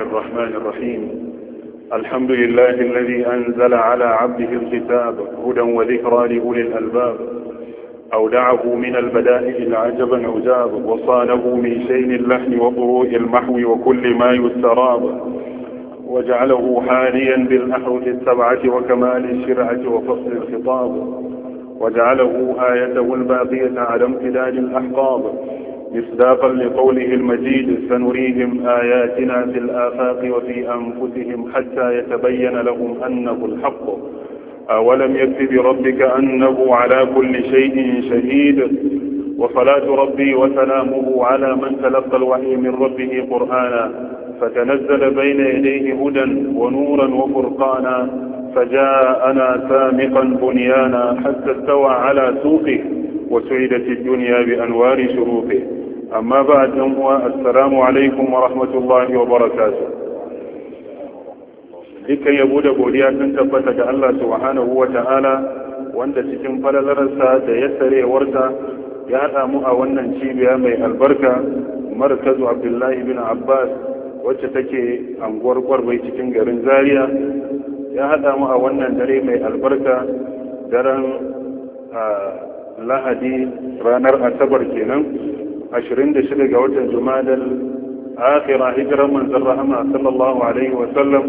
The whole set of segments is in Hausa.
الرحمن الرحيم الحمد لله الذي أنزل على عبده الكتاب هدى وذكرى لأولي الألباب أودعه من البدائل عجبا عجاب وصانه من شين اللحن وضروء المحو وكل ما يستراب وجعله حاليا بالأحرف السبعة وكمال الشرعة وفصل الخطاب وجعله آيته الباقية على امتداد الأحقاب مصداقا لقوله المجيد سنريهم آياتنا في الآفاق وفي أنفسهم حتى يتبين لهم أنه الحق أولم يكتب بربك أنه على كل شيء شهيد وصلاة ربي وسلامه على من تلقى الوحي من ربه قرآنا فتنزل بين يديه هدى ونورا وفرقانا فجاءنا سامقا بنيانا حتى استوى على سوقه وسعدت الدنيا بأنوار شروقه amma ba dan uwa assalamu alaikum wa rahmatullahi wa barakatuh dukkan yabo da godiya sun tabbata ga Allah subhanahu wa ta'ala wanda cikin falalarsa da yassarewarsa ya haɗa mu a wannan cibiya mai albarka markazu abdullahi bin abbas wacce take anguwar kwarbai cikin garin zaria ya haɗa mu a wannan dare mai albarka daren lahadi ranar asabar kenan 26 ga watan jumadal akhira hijirar manzon rahama sallallahu alaihi wa sallam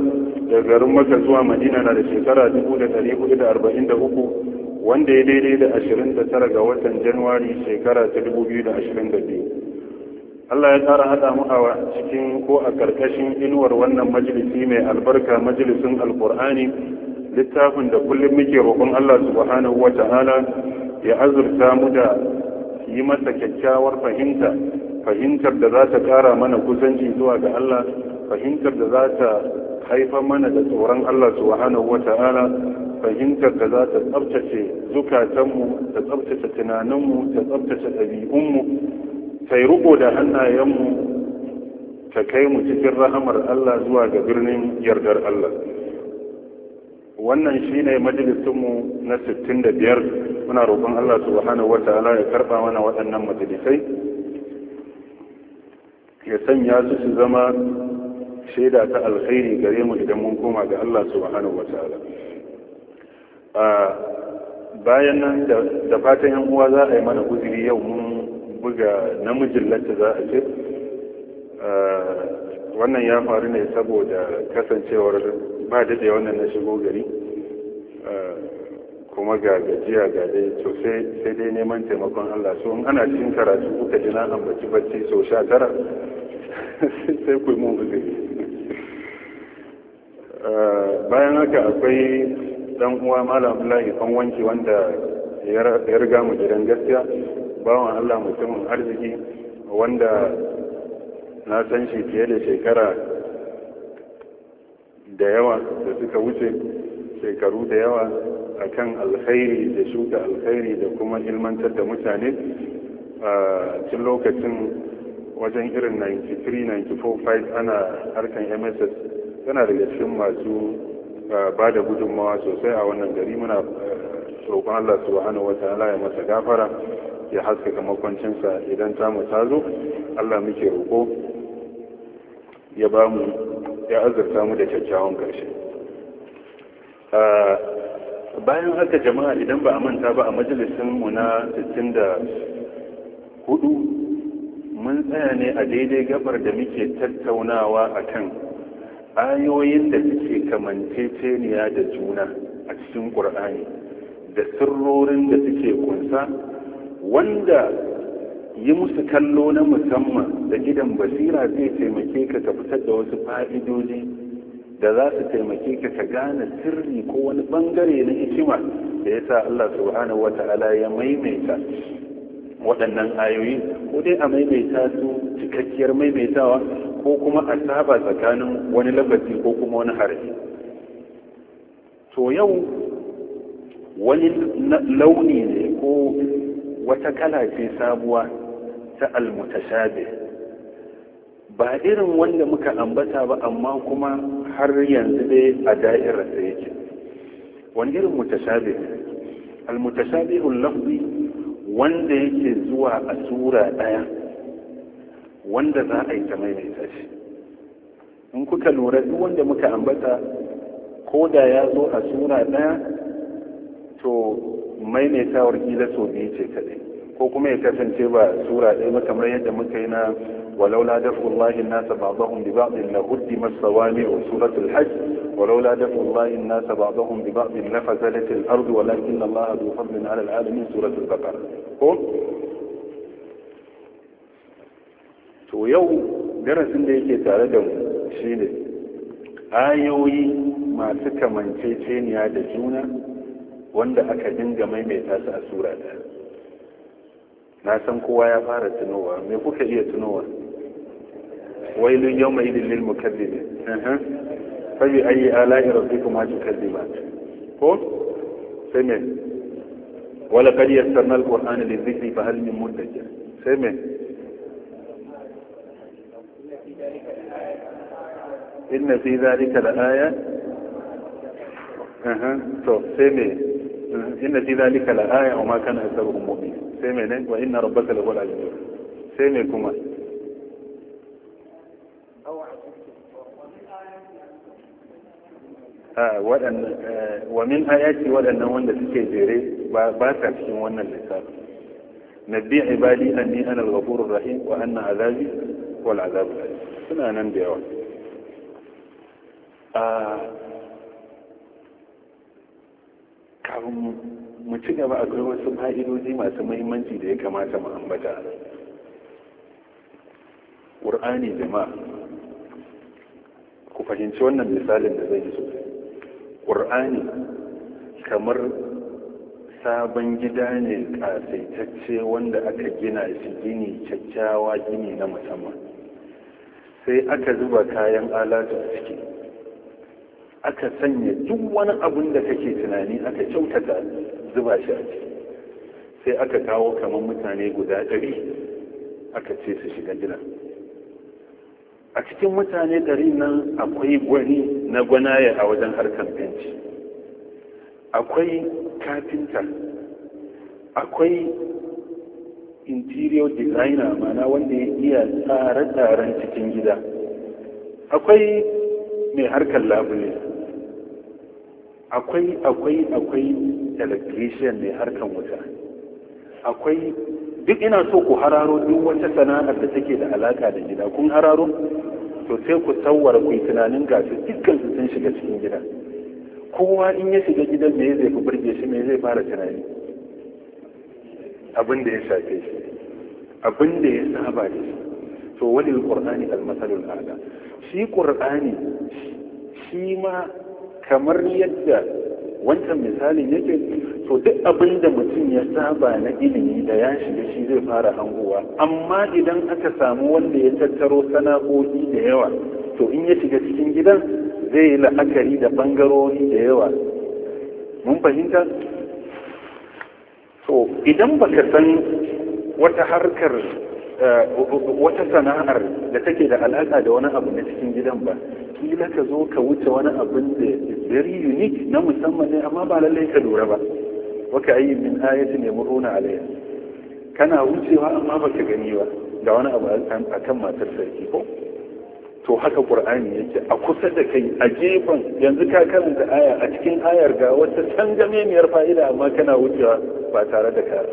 daga garin maka zuwa madina na da shekara 1443 wanda ya daidai da 29 ga watan januwari shekara 2022 Allah ya tsara hada mu a cikin ko a karkashin inuwar wannan majalisi mai albarka majalisin alkur'ani littafin da kullum muke roƙon Allah subhanahu wa ta'ala ya azurta mu da yi masa kyakkyawar fahimta fahimtar da za ta kara mana kusanci zuwa ga Allah fahimtar da za ta haifa mana da tsoron Allah subhanahu wata'ala fahimtar da za ta tsabtace zukatanmu ta tsabtace tunaninmu ta tsabtace ɗabi'unmu ta yi riko da hannayenmu ta kai mu cikin rahamar Allah zuwa ga birnin yardar Allah wannan shine majalisunmu na 65 muna roƙon Allah subhanahu ta'ala ya karɓa mana waɗannan majalisai ya sanya su su zama shaida ta alkhairi gare mu idan mun koma ga Allah subhanahu wataala a bayan nan da fatan yan uwa za a yi mana uzuri yau mun buga namijin lacce za a ce wannan ya faru ne saboda kasancewar ba da wannan na shigo gari eh, kuma ga gajiya ga dai to sai dai neman taimakon Allah so in ana cikin karatu kuka ji na ambaci bacci so sha tara sai ku mun uzuri eh, bayan haka akwai dan uwa malam Abdullahi kan wanki wanda ya riga mu gidan gaskiya bawan Allah mutumin arziki wanda na san shi fiye da shekara da yawa da suka wuce shekaru da yawa a kan alkhairi da shuka alkhairi da kuma ilmantar da mutane a cikin lokacin wajen irin 93-94-5 ana harkan mss tana daga cikin masu ba da gudunmawa sosai a wannan gari muna roƙon allah su hana wata ya masa gafara ya haskaka makwancinsa idan ta mu ta allah muke roƙo ya ba mu ya azurta mu da kyakkyawan ƙarshe bayan haka jama'a idan ba a manta ba a majalisinmu na 64 mun tsaya ne a daidai gabar da muke tattaunawa a kan ayoyin da suke kamanceceniya da juna a cikin ƙur'ani da sirrorin da suke kunsa wanda yi musu kallo na musamman da gidan basira zai taimake ka ka fitar da wasu fa'idoji da za su taimake ka ka gane sirri ko wani bangare na hikima da ya sa Allah subhanahu wata'ala ya maimaita waɗannan ayoyi ko dai a maimaita su cikakkiyar maimaitawa ko kuma a saba tsakanin wani lafazi ko kuma wani harfi to yau wani launi ne ko wata kala ce sabuwa ta almutashabi ba irin wanda muka ambata ba amma kuma har yanzu dai a da'irar da yake wani irin mutashabih almutashabi lafzi wanda yake zuwa a sura ɗaya wanda za a yi ta maimaita shi in kuka lura duk wanda muka ambata ko da ya zo a sura ɗaya to maimaitawar kila sau biyu ce kaɗai ko kuma ya kasance ba sura ɗaya ba kamar yadda muka yi na da fulahin nasa ba ba ولولا دفع الله الناس بعضهم ببعض لهدم الصوامع وسورة الحج ولولا دفع الله الناس بعضهم ببعض لفزلت الأرض ولكن الله ذو فضل على العالمين suratul البقرة ko to yau darasin da yake tare da mu shine ayoyi masu kamanceceniya da juna wanda aka dinga maimaita su a sura ɗaya na san kowa ya fara tunowa me kuka iya tunowa wai lun yau mai lil mukaddibi fabi ayi ala'i rabbikum ma tukaddiba ko sai me wala qad yassarna li dhikri fa hal min mudakkir sai me inna fi dhalika laaya aha to sai me inna fi dhalika laaya wa ma kana asabu mu'minin sai mai nan wa inna rabbaka lahu al-ajr sai mai kuma wa min ayati waɗannan wanda suke jere ba sa cikin wannan lissafi nabbi ibadi anni ana al-ghafurur rahim wa anna azabi wal azabul alim suna nan da yawa kafin mu ci gaba a akwai wasu fa'idoji masu mahimmanci da ya kamata mu ambata ƙur'ani jama'a ku fahimci wannan misalin da zai sosai ƙur'ani kamar sabon gida ne ƙasaitacce wanda aka gina shi gini kyakkyawa gini na musamman sai aka zuba kayan alatu a ciki aka sanya duk wani abun da kake tunani aka kyautata zuba shi a ciki sai aka kawo kamar mutane guda ɗari aka ce su shiga gida a cikin mutane ɗari nan akwai gwani na gwanaye a wajen harkar benci akwai kafinta akwai interior designer mana wanda ya iya tsare-tsaren cikin gida akwai mai harkar labule akwai akwai akwai electrician mai harkan wuta akwai duk ina so ku hararo duk wata sana'ar da take da alaka da gida kun hararo to sai ku tsawara ku yi tunanin gasu dukkan su sun shiga cikin gida kowa in ya shiga gidan me zai burge shi me zai fara tunani abin da ya shafe shi abin da ya saba da shi to wani qur'ani al-masalul a'la shi qur'ani shi ma kamar yadda wancan misalin yake to duk abin da mutum ya saba na ilimi da ya shiga shi zai fara hangowa amma idan aka samu wanda ya tattaro sana'o'i da yawa to in ya shiga cikin gidan zai yi la'akari da bangarori da yawa mun fahimta to idan baka san wata harkar Eh, wata sana'ar da take da alaƙa da wani abu na cikin gidan ba kila ka zo ka wuce wani abin da very unique na musamman ne amma ba lallai ka lura ba waka ayi min ayati ne muruna alayya kana wucewa amma baka gani ba ga wani abu a kan matar sarki ko to haka qur'ani yake a kusa da kai a gefen yanzu ka karanta aya a cikin ayar ga wata cangamemiyar fa'ida amma kana wucewa ba tare da ka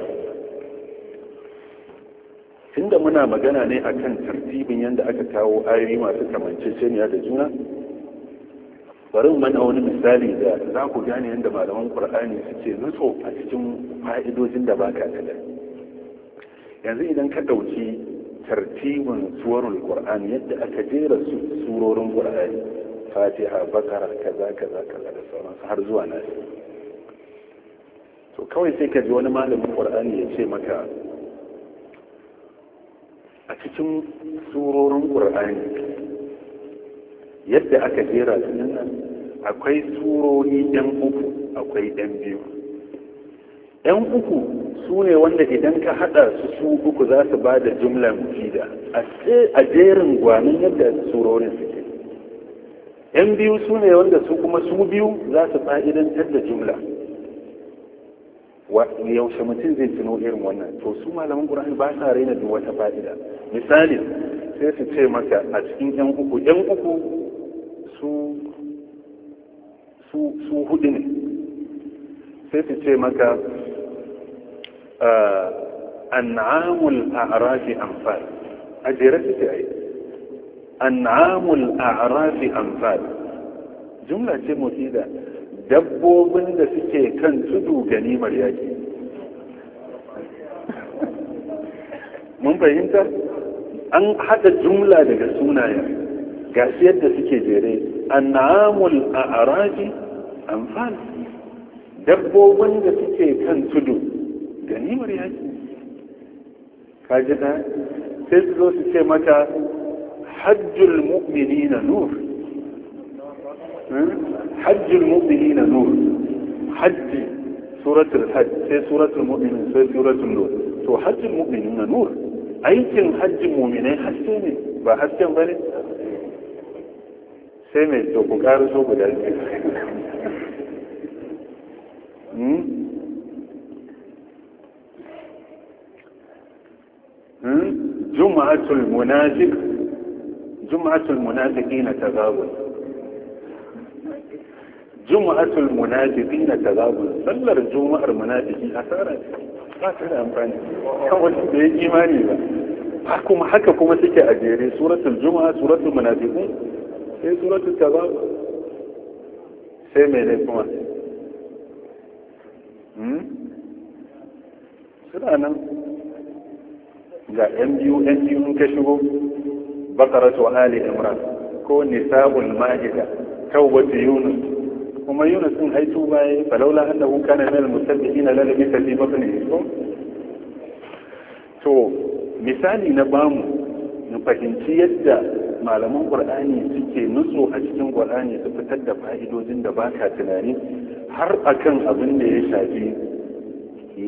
tunda muna magana ne akan tartibin yadda aka kawo ayoyi masu kamanceceniya da juna bari mana wani misali da za ku gane yadda malaman qur'ani suke nutso a cikin fa'idojin da baka tada yanzu idan ka ɗauki tartibin suwarul qur'ani yadda aka jera su surorin qur'ani fatiha bakara kaza kaza kaza da sauransu har zuwa nasi to kawai sai ka ji wani malamin ƙur'ani ya ce maka a cikin surorin ƙur'ani yadda aka jera su nan akwai surori ɗan uku akwai ɗan biyu ɗan uku su ne wanda idan ka haɗa su su uku za su ba da jumla mufida a jerin gwanin yadda surorin suke ɗan biyu su ne wanda su kuma su biyu za su fa'idantar da jumla yaushe mutum zai tuno irin wannan to su malaman qur'ani ba sa raina duk wata fa'ida misali sai su ce maka a cikin yan uku yan uku su su su hudu ne sai su ce maka ah, an'amul a'rafi amfal a jere suke ai an'amul a'rafi amfal jumla ce mutida dabbobin da suke kan tudu ganimar yaƙi mun fahimta an haɗa jumla daga sunayen ga yadda suke jere annamul a araji amfan dabbobin da suke kan tudu ganimar yaƙi kaji ɗaya sai su zo su ce mata hajjul mu'mini na nur hmm? حج المؤمنين نور حج سورة الحج سي سورة المؤمنين سي سورة النور تو حج المؤمنين نور أي كان حج المؤمنين حسيني با حسين بني سيمي تو بقار شو بقار جمعة المنافق جمعة المنافقين تغابن جمعة المنادقين تغابوا سلر جمعة المنادقين أثارا لا تلا أمراني كما إيماني با حكم حكا كما سيك أجيري سورة الجمعة سورة المنادقون هي إيه سورة التلاوز سيمين كما سيك أنا لأ أنديو أنديو نكشبه بقرة آل إمران كون نساب المائدة توبة يونس kuma Yunus din ai ya yayi falaula annahu kana min al-musabbihin la labisa fi batnihi to misali na bamu mu fahimci yadda malaman qur'ani suke nutso a cikin qur'ani su fitar da fa'idojin da baka tunani har akan abin da ya shafi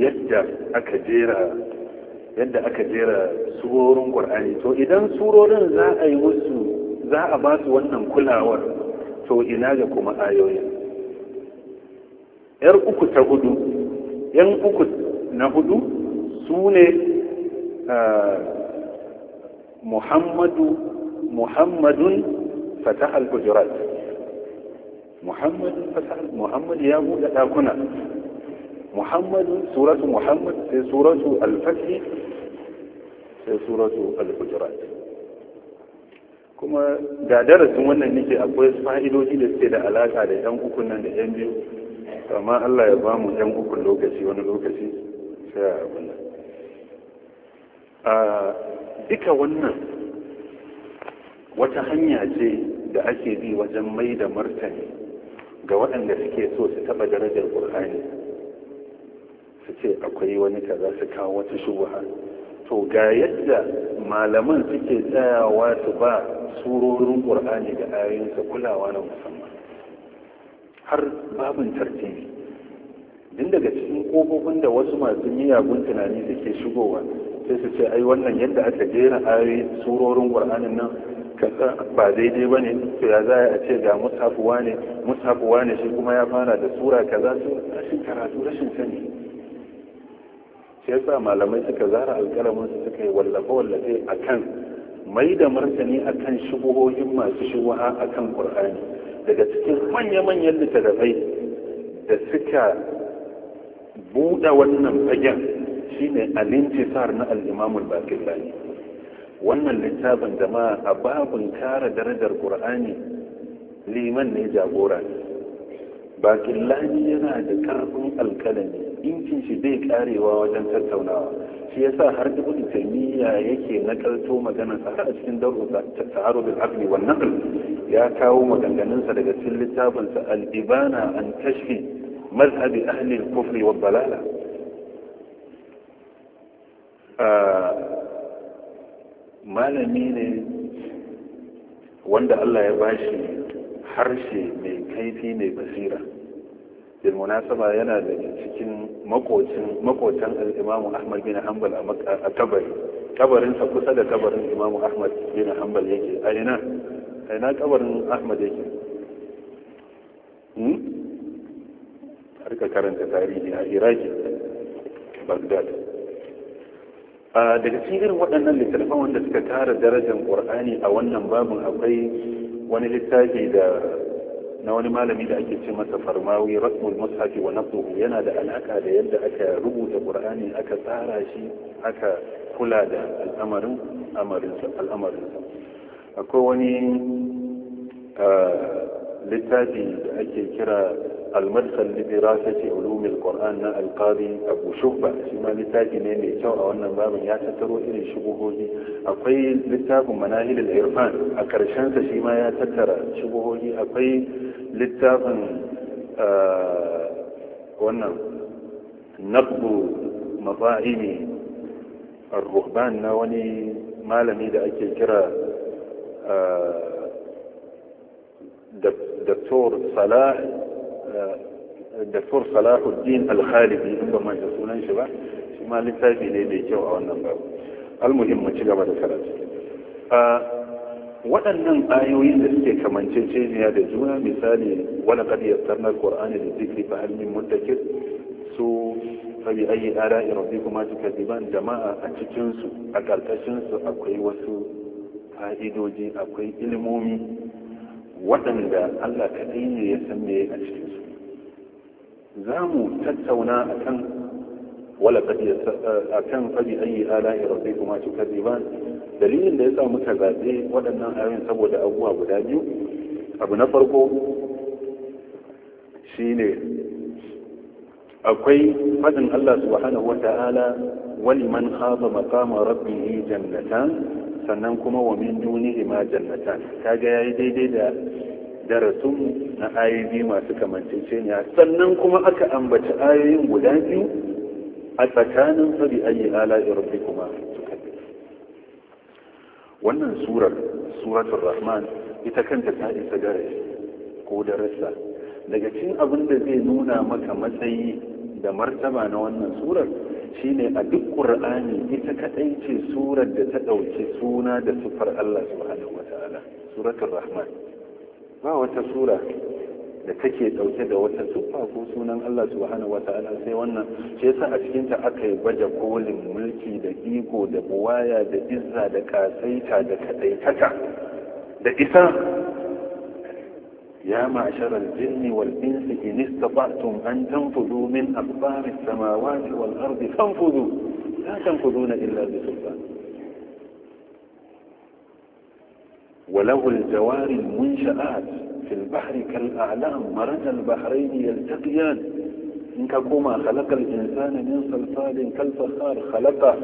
yadda aka jera yadda aka jera surorin qur'ani to idan surorin za a yi musu za a ba su wannan kulawar to ina ga kuma ayoyin yar uku ta hudu yan uku na hudu su ne eh, muhammadu muhammadun fatah al-hujurat muhammadun fatah muhammad ya buɗe ɗakuna muhammadun suratu muhammad sai suratu al-fatih sai suratu al-hujurat kuma ga darasin wannan nake akwai fa'idoji da suke da alaka da yan uku nan da yan biyu amma Allah ya ba mu ɗan uku lokaci wani lokaci sai a abin a duka wannan wata hanya ce da ake bi wajen mai da martani ga waɗanda suke so su taɓa darajar ƙur'ani su ce akwai wani kaza su kawo wata shubuha to ga yadda malaman suke tsayawa su ba surorin ƙur'ani ga ayoyinsa kulawa na musamman har babin tartini din daga cikin kofofin da wasu masu miyagun tunani suke shigowa sai su ce ai wannan yadda aka jera ayoyi surorin qur'anin nan ba daidai ba ne to ya za a ce ga mushafuwa ne mushafuwa ne shi kuma ya fara da sura kaza su rashin karatu rashin sani sai malamai suka zara alƙalamin su suka yi wallafe wallafe akan mai da martani akan shubuhohin masu shubuha akan ƙur'ani? daga cikin manya-manyan littattafai da suka buɗe wannan fagen shine al-intisar na al bakin al wannan littafin jama'a ma a babin kara darajar ƙur'ani liman ne jagora Bakin baqillani yana da karfin alkalami ɗinkin shi bai karewa wajen tattaunawa shi yasa har ibn taymiya yake nakalto maganar sa a cikin daru ta'arud al-aqli wan naql ya kawo maganganun sa daga cikin littafin sa al-ibana an kashfi mazhab ahli al-kufr balala. dalala malami ne wanda Allah ya bashi harshe mai kaifi mai basira bilmunasaba yana da cikin makocin makotan al-imamu ahmad bin hanbal a kabari kabarinsa kusa da kabarin imamu ahmad bin hanbal yake a ina kabarin ahmad yake hmm? harka karanta tarihi a iraki a daga cikin irin waɗannan littattafan wanda suka tara darajar qur'ani a wannan babin akwai wani littafi da na wani malami da ake ce masa farmawi rasmul mushafi wa nafsuhu yana da alaka da yadda aka rubuta qur'ani aka tsara shi aka kula da al'amarin amarin al'amarin akwai wani littafi da ake kira almarsal lidirasati ulumil alquran na alqadi abu shubba shi ma littafi ne mai kyau a wannan babin ya tattaro irin shubuhoji akwai littafin manahil alirfan a karshen sa shi ma ya tattara shubuhoji akwai littafin wannan naqbu mafa'imi ar-ruhban na wani malami da ake kira daktor Salahuddin Al-Khalifi in ba mai da sunan shi ba shi ma littafi ne mai kyau a wannan babu al muhimmi ci gaba da karatu waɗannan ayoyin da suke kamance kamanceceniya da juna misali wani ƙaryar tarnar ƙwar'ani da zikri fa halin muntakir su fabi ayi ara irabi kuma suka ziban jama'a a cikinsu a ƙarƙashinsu akwai wasu fa'idoji akwai ilimomi waɗanda allah kaɗai ne ya san me a cikinsu za mu tattauna a kan. wala kad akan fabi ayi ala'i rabbikuma ba, dalilin da ya sa muka zabe waɗannan ayoyin saboda abubuwa guda biyu abu na farko shine akwai fadin Allah subhanahu wata'ala wani man khaba maqama rabbih jannatan sannan kuma wa min dunihi ma jannatan kaga yayi daidai da darasin na ayoyi masu kamanceceniya sannan kuma aka ambaci ayoyin guda biyu a tsakanin fabi yi ala irfi kuma wannan surar suratul rahman ita kanta ta isa gare ko darasa daga cikin abin da zai nuna maka matsayi da martaba na wannan surar shine a duk ƙur'ani ita kaɗai ce surar da ta ɗauki suna da sufar Allah subhanahu wa suratul rahman ba wata sura da take dauke da wata siffa ko sunan Allah subhanahu wata'ala sai wannan shi yasa a cikin ta aka yi baje kolin mulki da iko da buwaya da izza da kasaita da kadaitata da isa يا معشر الجن والإنس إن استطعتم أن تنفذوا من أقطار السماوات والأرض فانفذوا لا تنفذون إلا بسلطان وله الجوار المنشآت في البحر كالأعلام مرج البحرين يلتقيان إن كما خلق الإنسان من صلصال كالفخار خلق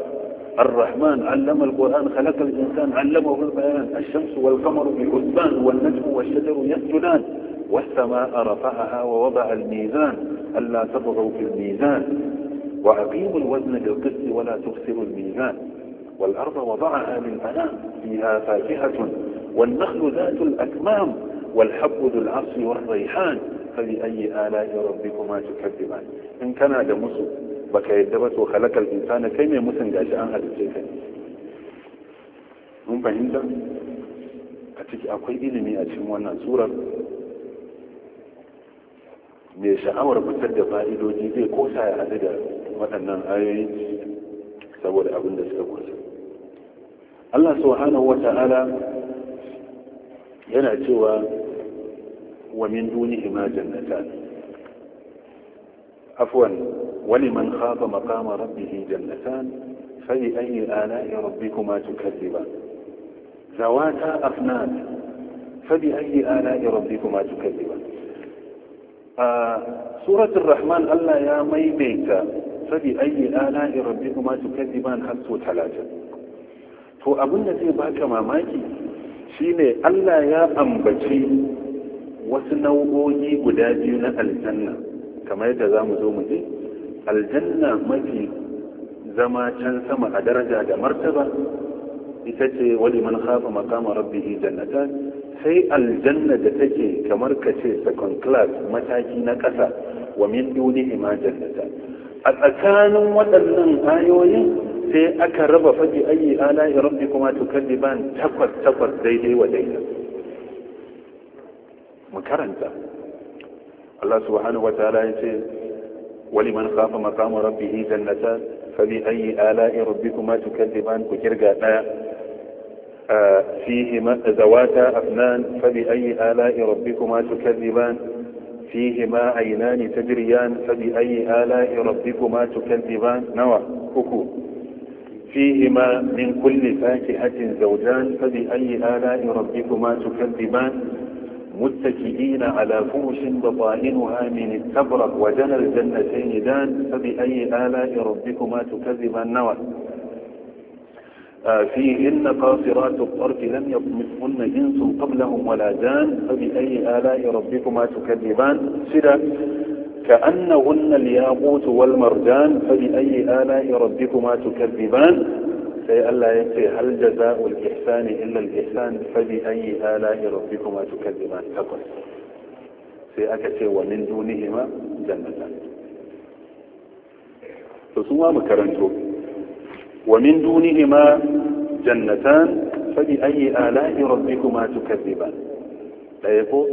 الرحمن علم القرآن خلق الإنسان علمه البيان الشمس والقمر بحسبان والنجم والشجر يسجدان والسماء رفعها ووضع الميزان ألا تطغوا في الميزان وأقيموا الوزن بالقسط ولا تخسروا الميزان والأرض وضعها للأنام فيها فاكهة والنخل ذات الأكمام والحب ذو العصف والريحان فبأي آلاء ربكما تكذبان إن كان دمسو بك يدبت وخلق الإنسان كيف يمسن جاشا أن هذا الشيء mun fahimta a ciki akwai ilimi a cikin wannan surar mai sha'awar fitar da fa'idoji zai kosa ya haɗu da waɗannan ayoyi saboda abin da suka kusa Allah subhanahu wa ta'ala yana cewa wa min dunihima jannatan afwan wani man khafa maqama rabbih jannatan fali ayi ala'i rabbikuma tukazziban zawata afnan fali ayi ala'i rabbikuma tukazziban a suratul rahman Allah ya maimaita fali ayi ala'i rabbikuma tukazziban har so 30 to abin da zai baka mamaki shine Allah ya ambaci wasu nau'o'i guda biyu na aljanna kamar yadda za mu zo mu je aljanna mafi zama can sama a daraja da martaba ita ce wani man hafa makama rabbi jannata sai aljanna da take kamar ka ce second class mataki na ƙasa wa min dunihi ma jannata a tsakanin waɗannan ayoyin sai aka raba faji ayi ala rabbi kuma tukalliban takwas takwas daidai wa daidai mu karanta Allah subhanahu wa ta'ala ya ce waliman khafa maqama rabbih fa bi ayi ala'i rabbikuma tukalliban ku kirga daya فيهما ذواتا أفنان فبأي آلاء ربكما تكذبان فيهما عينان تجريان فبأي آلاء ربكما تكذبان نوى أكو فيهما من كل فاكهة زوجان فبأي آلاء ربكما تكذبان متكئين على فرش بطائنها من التبرق وجنى الجنتين دان فبأي آلاء ربكما تكذبان نوى آه، فيهن قاصرات الطرف لم يطمثهن إنس قبلهم ولا جان فبأي آلاء ربكما تكذبان سدى كأنهن الياقوت والمرجان فبأي آلاء ربكما تكذبان سي ألا يأتي هل جزاء الإحسان إلا الإحسان فبأي آلاء ربكما تكذبان تقل سي أكثر ومن دونهما جنتان فسوى مكرنتو ومن دونهما جنتان فبأي آلاء ربكما تكذبان لا يقول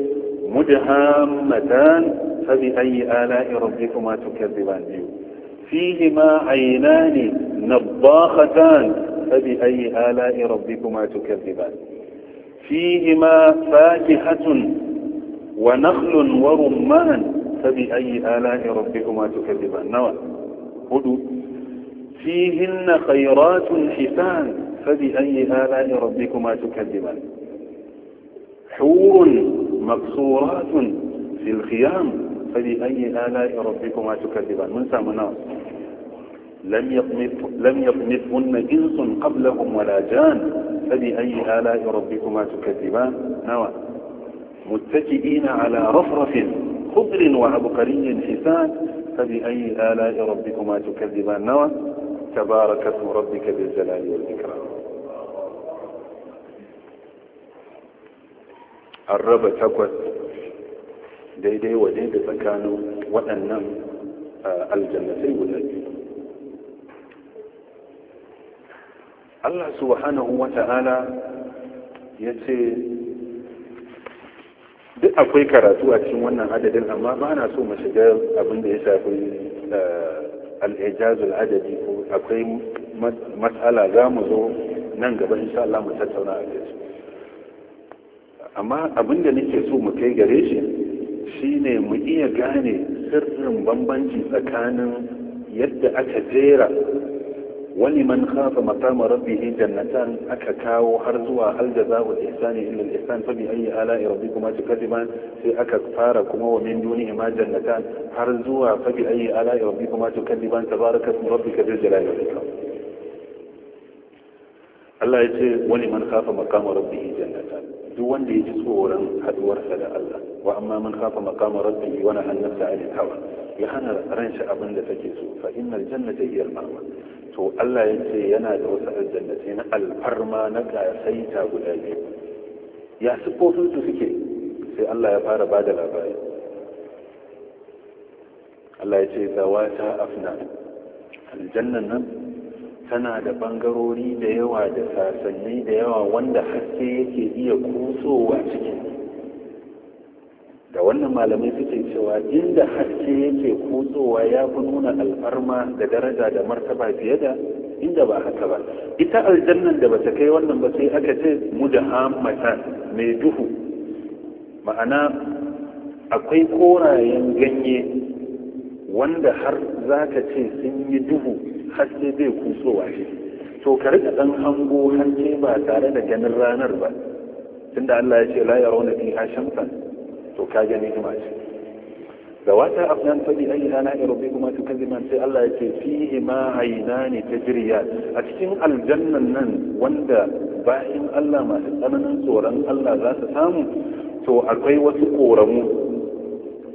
فبأي آلاء ربكما تكذبان فيهما عينان نضاختان فبأي آلاء ربكما تكذبان فيهما فاكهة ونخل ورمان فبأي آلاء ربكما تكذبان نوى هدو فيهن خيرات حسان فبأي آلاء ربكما تكذبان حور مكسورات في الخيام فبأي آلاء ربكما تكذبان من سامنا نعم. لم يطمث لم يطمثهن إنس قبلهم ولا جان فبأي آلاء ربكما تكذبان نوى نعم. متكئين على رفرف خضر وعبقري حسان فبأي آلاء ربكما تكذبان نوى نعم. تبارك اسم ربك بالجلال والإكرام الرب تكوت daidai wa daidai tsakanin waɗannan aljannatai guda biyu Allah subhanahu wa ta'ala ya ce duk akwai karatu a cikin wannan adadin amma ba na so mu shiga abin da ya shafi al'ijazul adadi ko akwai matsala za mu zo nan gaba insha Allah mu tattauna a amma abin da nake so mu kai gare shi shine mu iya gane sirrin bambanci tsakanin yadda aka jera wani man kafa khafa rabbi rabbih jannatan aka kawo har zuwa hal jazaa'u ihsani illa al-ihsan fa bi ayyi ala'i rabbikuma tukadiban sai aka fara kuma wa min dunihi ma jannatan har zuwa fa bi ayyi ala'i rabbikuma tukadiban tabaraka ismu rabbika dhil jalali wal ikram Allah ya ce wani man kafa khafa rabbi rabbih jannatan duk wanda ya ji tsoron haduwarsa da Allah wa amma man kafa maqama rabbihi wa nahana nafsa 'anil hawa ya hana ran shi abin da take so fa innal jannata hiya mawa to Allah yace yana da wasu aljannatai na alfarma na kasaita guda biyu ya sifofin su suke sai Allah ya fara bada labari Allah ya ce zawata afna aljannan nan tana da bangarori da yawa da sasanni da yawa wanda haske yake iya kusowa cikin da wannan malamai suke cewa inda haske yake kusowa ya fi nuna alfarma da daraja da martaba fiye da inda ba haka ba ita aljannan da bata kai wannan ba sai aka ce mu da hamata mai duhu ma'ana akwai korayen ganye wanda har za ka ce sun yi duhu har sai bai kusowa shi to ka rika dan hango hanke ba tare da ganin ranar ba tunda Allah ya ce la ya rauna fi hashamsa to ka gani kuma ce da wata afnan fadi ayi ana ya rubi kuma su kazi man sai Allah ya ce fi ma aina ne ta jiriya a cikin aljanna nan wanda bayan Allah masu tsananin tsoron Allah za su samu to akwai wasu koramu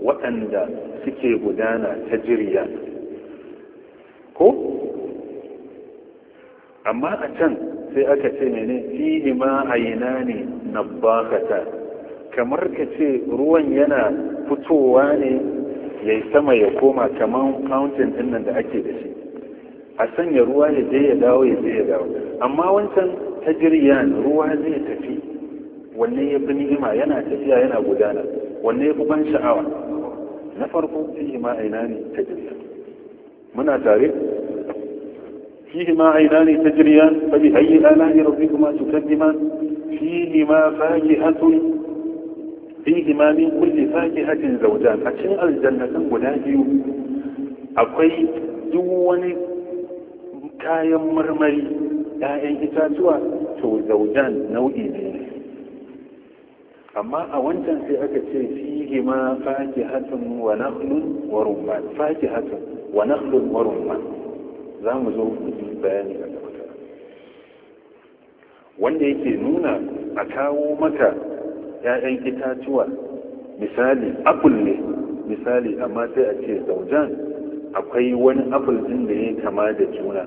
waɗanda suke gudana ta jirya. ko amma a can sai aka ce mene fihi ma aina ne na bakata kamar ka ce ruwan yana fitowa ne ya yi sama ya koma kamar fountain din nan da ake da shi a sanya ruwa ya je ya dawo ya je ya dawo amma wancan ta jirya ruwa zai tafi wannan ya fi ni'ima yana tafiya yana gudana wanne ya ban sha'awa na farko fihi ma aina ne ta jirya. muna tare fihi ma aina ne ta jiriya fa bi hayyi ala ni rabbikuma tukaddiman fihi ma fakihatun fihi ma min kulli fakihatin zawjan a cikin aljannatan guda biyu akwai duk wani kayan marmari 'ya'yan itatuwa to zaujan nau'i ne amma a wancan sai aka ce fihi ma faki hatun wa nahlun wa rumman faki wa nahlun wa rumman za mu zo mu yi bayani a gaba wanda yake nuna a kawo maka ‘ya'yan itatuwa misali apul ne misali amma sai a ce zaujan akwai wani apul din da ya kama da juna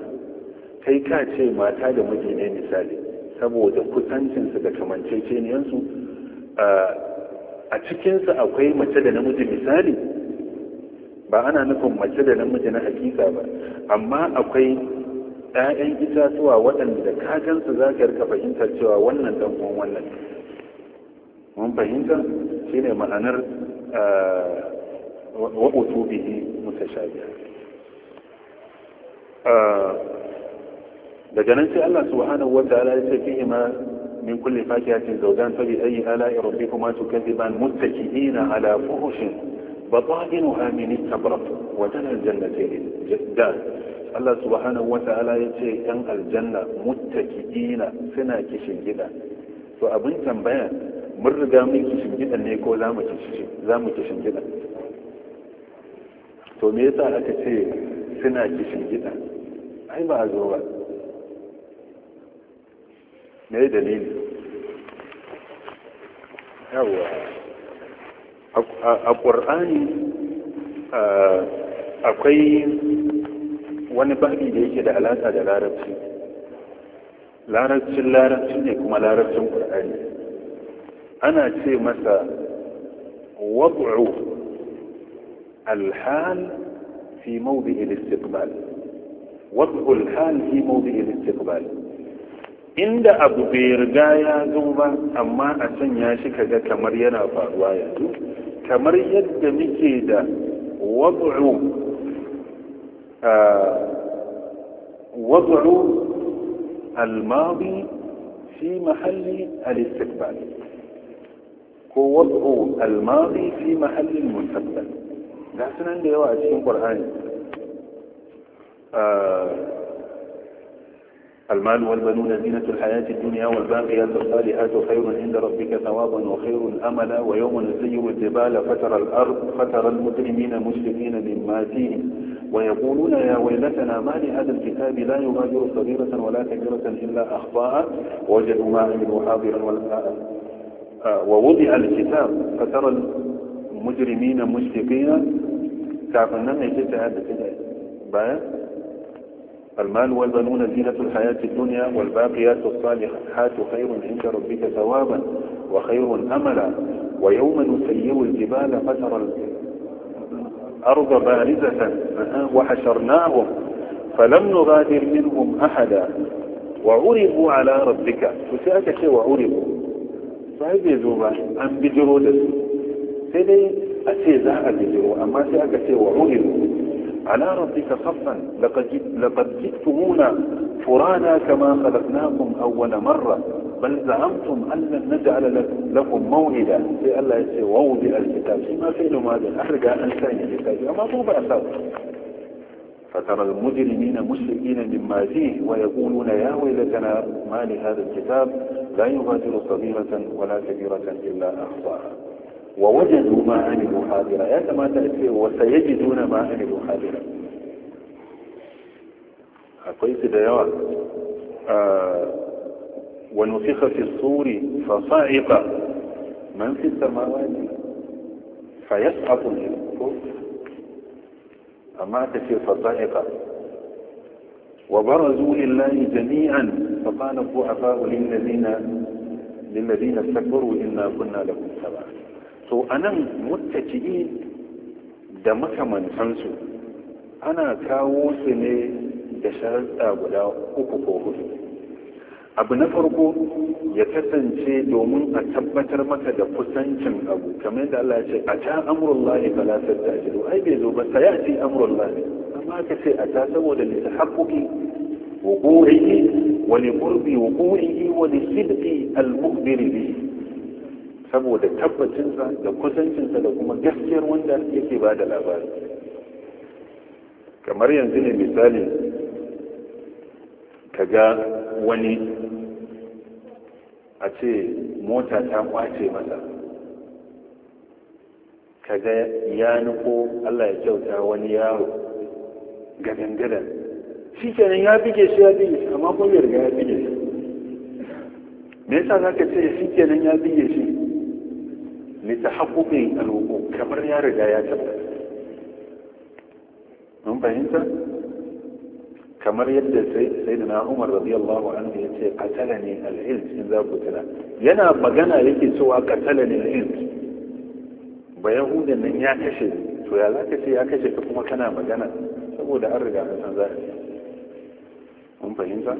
kai ka ce mata da miji ne misali saboda kusancinsu da kamanceceniyarsu. a cikinsa akwai mace da namiji misali ba ana nufin mace da namiji na hakika ba amma akwai ‘ya'yan itatuwa waɗanda kagansu za ka rika fahimtar cewa wannan ɗan'uwan wannan mun fahimta shi ne ma'anar wa'utu bihi biyar. daga nan sai Allah subhanahu wa ta'ala ya ce fihi ma min kulli fakihatin zawjan fa bi ayyi ala'i rabbikuma tukaththiban muttaki'ina ala fuhushin batainuha min istabraq wa janal jannatayn jaddan Allah subhanahu wa ta'ala yace yan aljanna muttaki'ina suna kishin gida to abin tambaya mun riga mun kishin gida ne ko za mu kishin gida to me yasa aka ce suna kishin gida ai ba a zo ba ما ايه دليل yawa a ƙwar'ani akwai wani babi da yake da alaƙa da larabci larabcin larabci ne kuma larabcin ƙwar'ani ana ce masa wad'u alhal fi mawdi al-istiqbal wad'u alhal fi mawdi al-istiqbal inda abu bai riga ya zo ba amma a sanya shi kaga kamar yana faruwa yanzu kamar yadda muke da wad'u wad'u al-madi fi mahalli al-istiqbal ko wad'u al-madi fi mahalli al-mustaqbal ga sunan da yawa a cikin qur'ani المال والبنون زينة الحياة الدنيا والباقيات الصالحات خير عند ربك ثوابا وخير أملا ويوم نسير الجبال فترى الأرض فترى المجرمين مشركين مما فيهم ويقولون يا ويلتنا ما لهذا الكتاب لا يغادر صغيرة ولا كبيرة إلا أخطاء وجدوا ما عملوا حاضرا ولا آه، ووضع الكتاب فترى المجرمين مشركين كافرنا يجب هذا الكتاب المال والبنون زينة الحياة الدنيا والباقيات الصالحات خير عند ربك ثوابا وخير أملا ويوم نسير الجبال فترى الأرض بارزة وحشرناهم فلم نغادر منهم أحدا وعرضوا على ربك وسألت شيء وعرضوا فهذه زوبة أم بجرودة سيدي أسي ذا أبجروا أما سألت شيء وعرضوا على ربك صفا لقد, لقد جئتمونا فرانا كما خلقناكم أول مرة بل زعمتم أن لن نجعل لكم موعدا لئلا يصير ووضع الكتاب فيما فعل ماذا أحرق أنسان الكتاب ما طوب أساسا فترى المجرمين مشركين مما فيه ويقولون يا ويلتنا ما لهذا الكتاب لا يغادر صغيرة ولا كبيرة إلا أخطاها ووجدوا ما عملوا حاضرا يا كما تأتي وسيجدون ما عملوا حاضرا أقيت ديار آه ونفخ في الصور فصعق من في السماوات فيسقط الكفر أما تفي فصعق وبرزوا لله جميعا فقال الضعفاء للذين للذين استكبروا إنا كنا لكم سبعا to anan muttaki'i da makamantansu ana kawo su ne da sharaɗa guda uku ko hudu abu na farko ya kasance domin a tabbatar maka da kusancin abu kamar da Allah ce a ta amurullahi fala tattajiru ai bai zo ba sayati amurullahi amma ka ce a ta saboda litahaqquqi wuqu'ihi wa li qurbi wuqu'ihi wa li sidqi al-mukhbir bihi saboda tabbacinsa da kusancinsa da kuma gaskiyar wanda yake ba da labari kamar yanzu ne misali ka ga wani a ce mota ta kwace masa ka ga ya nufo allah ya kyauta wani yaro gadangadan shi kenan ya bige shi ya bige shi amma kuma ga ya bige shi me yasa za ka ce shi kenan ya bige shi a alwuqu kamar ya riga ya tabbata mun fahimta kamar yadda sai da umar radiyallahu anhu ya ce katala ne al'ins in za ku tuna yana magana yake cewa qatalani ne ilm ba yahudan nan ya kashe to ya zaka ce ya kashe ka kuma kana magana saboda an riga an san za mun fahimta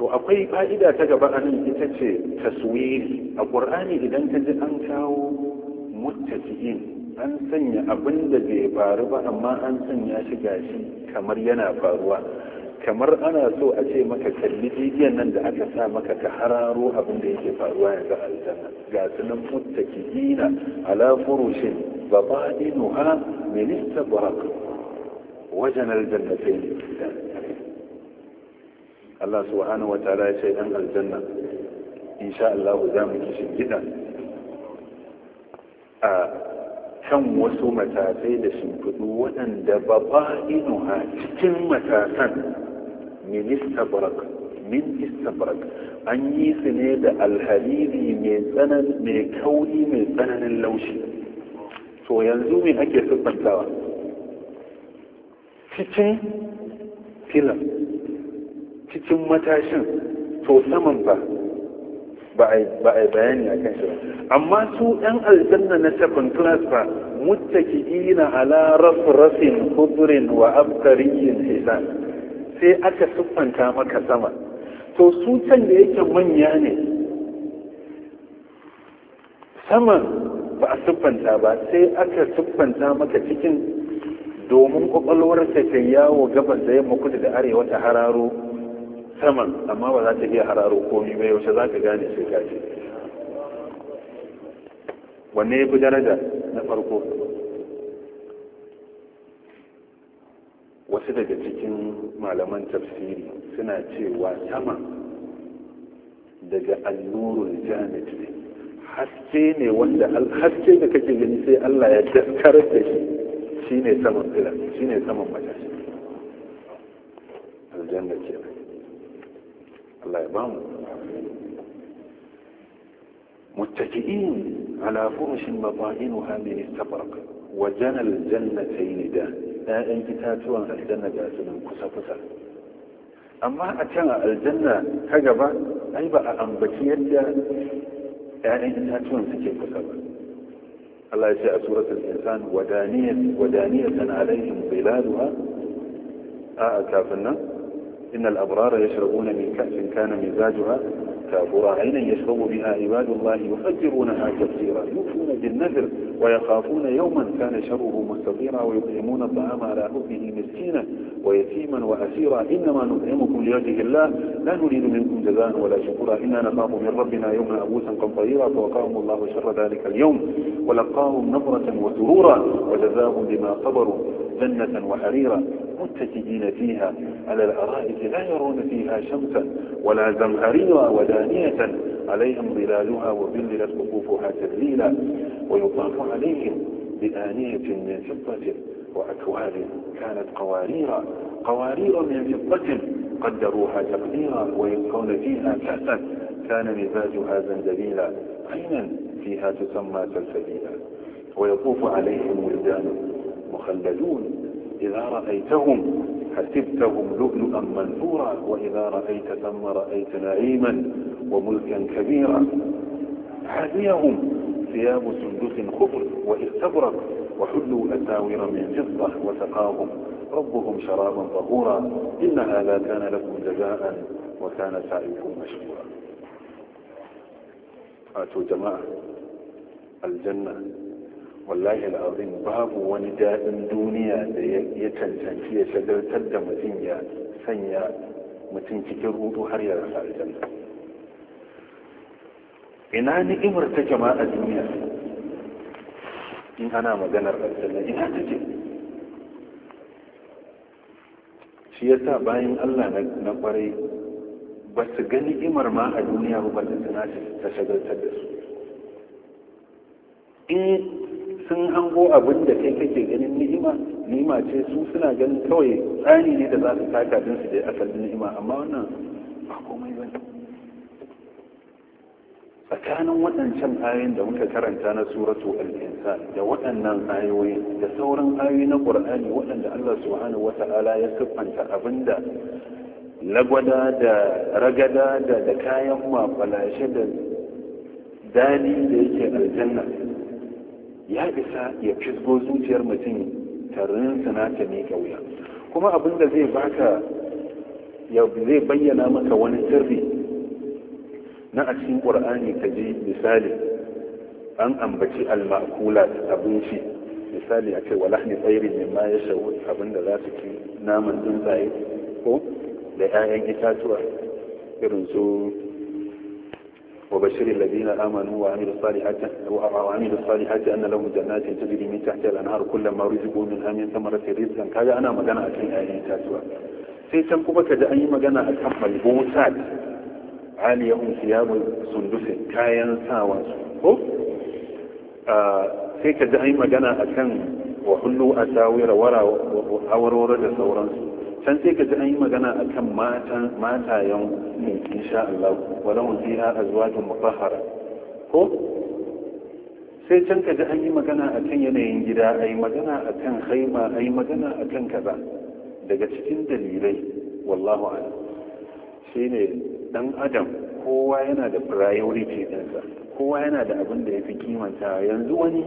to akwai fa'ida ta gaba a nan ita ce taswiri a ƙur'ani idan ka ji an kawo muttafi'in an sanya abin da bai faru ba amma an sanya shi gashi kamar yana faruwa kamar ana so a ce maka kalli bidiyon nan da aka sa maka ka hararo abin da yake faruwa yanzu a aljanna ga su nan muttaki'ina ala furushin ha min istabrak wajen aljannatain Allah subhanahu wataala ya ce dan aljanna insha Allah za mu kishi gida a kan wasu matakai da shimfiɗu waɗanda babba inuha cikin matakan minista barak min istabrak an yi su ne da alhariri mai tsanan mai kauri mai tsananin laushi to yanzu me ake siffantawa cikin filan cikin matashin to saman ba ba a bayani a kan shi ba amma su ɗan aljanna na second class ba ina ala rafrafin kudurin wa abtariyin hisan sai aka siffanta maka sama to su can da yake manya ne saman ba a siffanta ba sai aka siffanta maka cikin domin kwakwalwarsa ta yawo gabas da yamma kudu da arewa ta hararo saman amma ba za ta iya hararo komi ba yaushe za ka gane sai ka ce wanne ya fi daraja na farko wasu daga cikin malaman tafsiri suna cewa sama daga allurul jamid ne haske ne wanda haske da kake gani sai Allah ya daskar da shi shine saman fila shine saman matashi aljanna ce Allah ya ba mu muttaki'in ala furushin mabahinuha min istafraq wa jana aljannatayn da ɗayan itatuwan aljanna ga su nan kusa kusa amma a can a aljanna ta gaba ai ba a ambaci yadda ‘ya'yan itatuwan suke kusa ba Allah ya ce a suratul insan wadaniyatan alaihim zilaluha a kafin nan إن الأبرار يشربون من كأس كان مزاجها كافورا عينا يشرب بها عباد الله يفجرونها تفسيرا يوفون بالنذر ويخافون يوما كان شره مستطيرا ويطعمون الطعام على حبه مسكينا ويتيما وأسيرا إنما نطعمكم لوجه الله لا نريد منكم جزاء ولا شكرا إنا نخاف من ربنا يوما أبوسا قمطيرا فوقاهم الله شر ذلك اليوم ولقاهم نظرة وسرورا وجزاهم بما صبروا جنة وحريرا متكئين فيها على الأرائك لا يرون فيها شمسا ولا زمهريرا ودانية عليهم ظلالها وبللت وقوفها تذليلا ويطاف عليهم بآنية من فضة وأكواب كانت قواريرا قوارير من فضة قدروها تقديرا ويبقون فيها كأسا كان مزاجها زنجبيلا عينا فيها تسمى سلسبيلا ويطوف عليهم ولدان مخلدون إذا رأيتهم حسبتهم لؤلؤا منثورا وإذا رأيت ثم رأيت نعيما وملكا كبيرا حذيهم ثياب سندس خضر واستبرق وحلوا أساور من فضة وسقاهم ربهم شرابا طهورا إن هذا كان لكم جزاء وكان سعيكم مشكورا آتوا جماعة الجنة wallahi al'azim babu wani daɗin duniya da ya cancanci ya shagaltar da mutum ya sanya mutum cikin rudu har ya rasa aljanna ina ni'imar ta jama'a duniya in ana maganar aljanna ina take shi yasa bayan Allah na kwarai ba su ga ni'imar ma a duniya ba ba ta shagaltar da su in sun hango abin da kai kake ganin ni'ima ni'ima ce su suna ganin kawai tsani ne da za su taka din su da asalin ni'ima amma wannan ba komai ba tsakanin waɗancan ayoyin da muka karanta na suratu al-insan da waɗannan ayoyi da sauran ayoyi na qur'ani waɗanda Allah subhanahu wata'ala ya siffanta abinda lagwada da ragada da kayan mafalashe da dadi da yake aljanna ya isa ya fisgo zuciyar mutum tarin rinsana ne miƙa kuma abin da zai baka ya zai bayyana maka wani sirri na a cikin ƙur'ani ka ji misali an ambaci almakula abinci misali a ce wa lahni tsairin min ma ya shawo abin da za su ci naman tsuntsaye ko da 'ya'yan itatuwa irin su وبشر الذين آمنوا وعملوا الصالحات وعملوا الصالحات أن لهم جنات تجري من تحتها الأنهار كلما رزقوا منها من ثمرة رزقا كذا أنا مجانا أكين آيين تاتوا سيتم كبك أي مجانا أكين ملبوسات عاليهم ثياب سندس كاين ساواس sai ka ji an yi magana a kan wa hullu a tawira wara da sauransu can sai ka ji an yi magana a kan matayen mu insha Allah wala mu zuwa ta mutahhara ko sai can ka ji an yi magana a kan yanayin gida a yi magana a kan haima a yi magana a kan kaza daga cikin dalilai wallahu shi ne dan adam kowa yana da priority ɗansa. kowa yana da abin da ya fi kimanta yanzu wani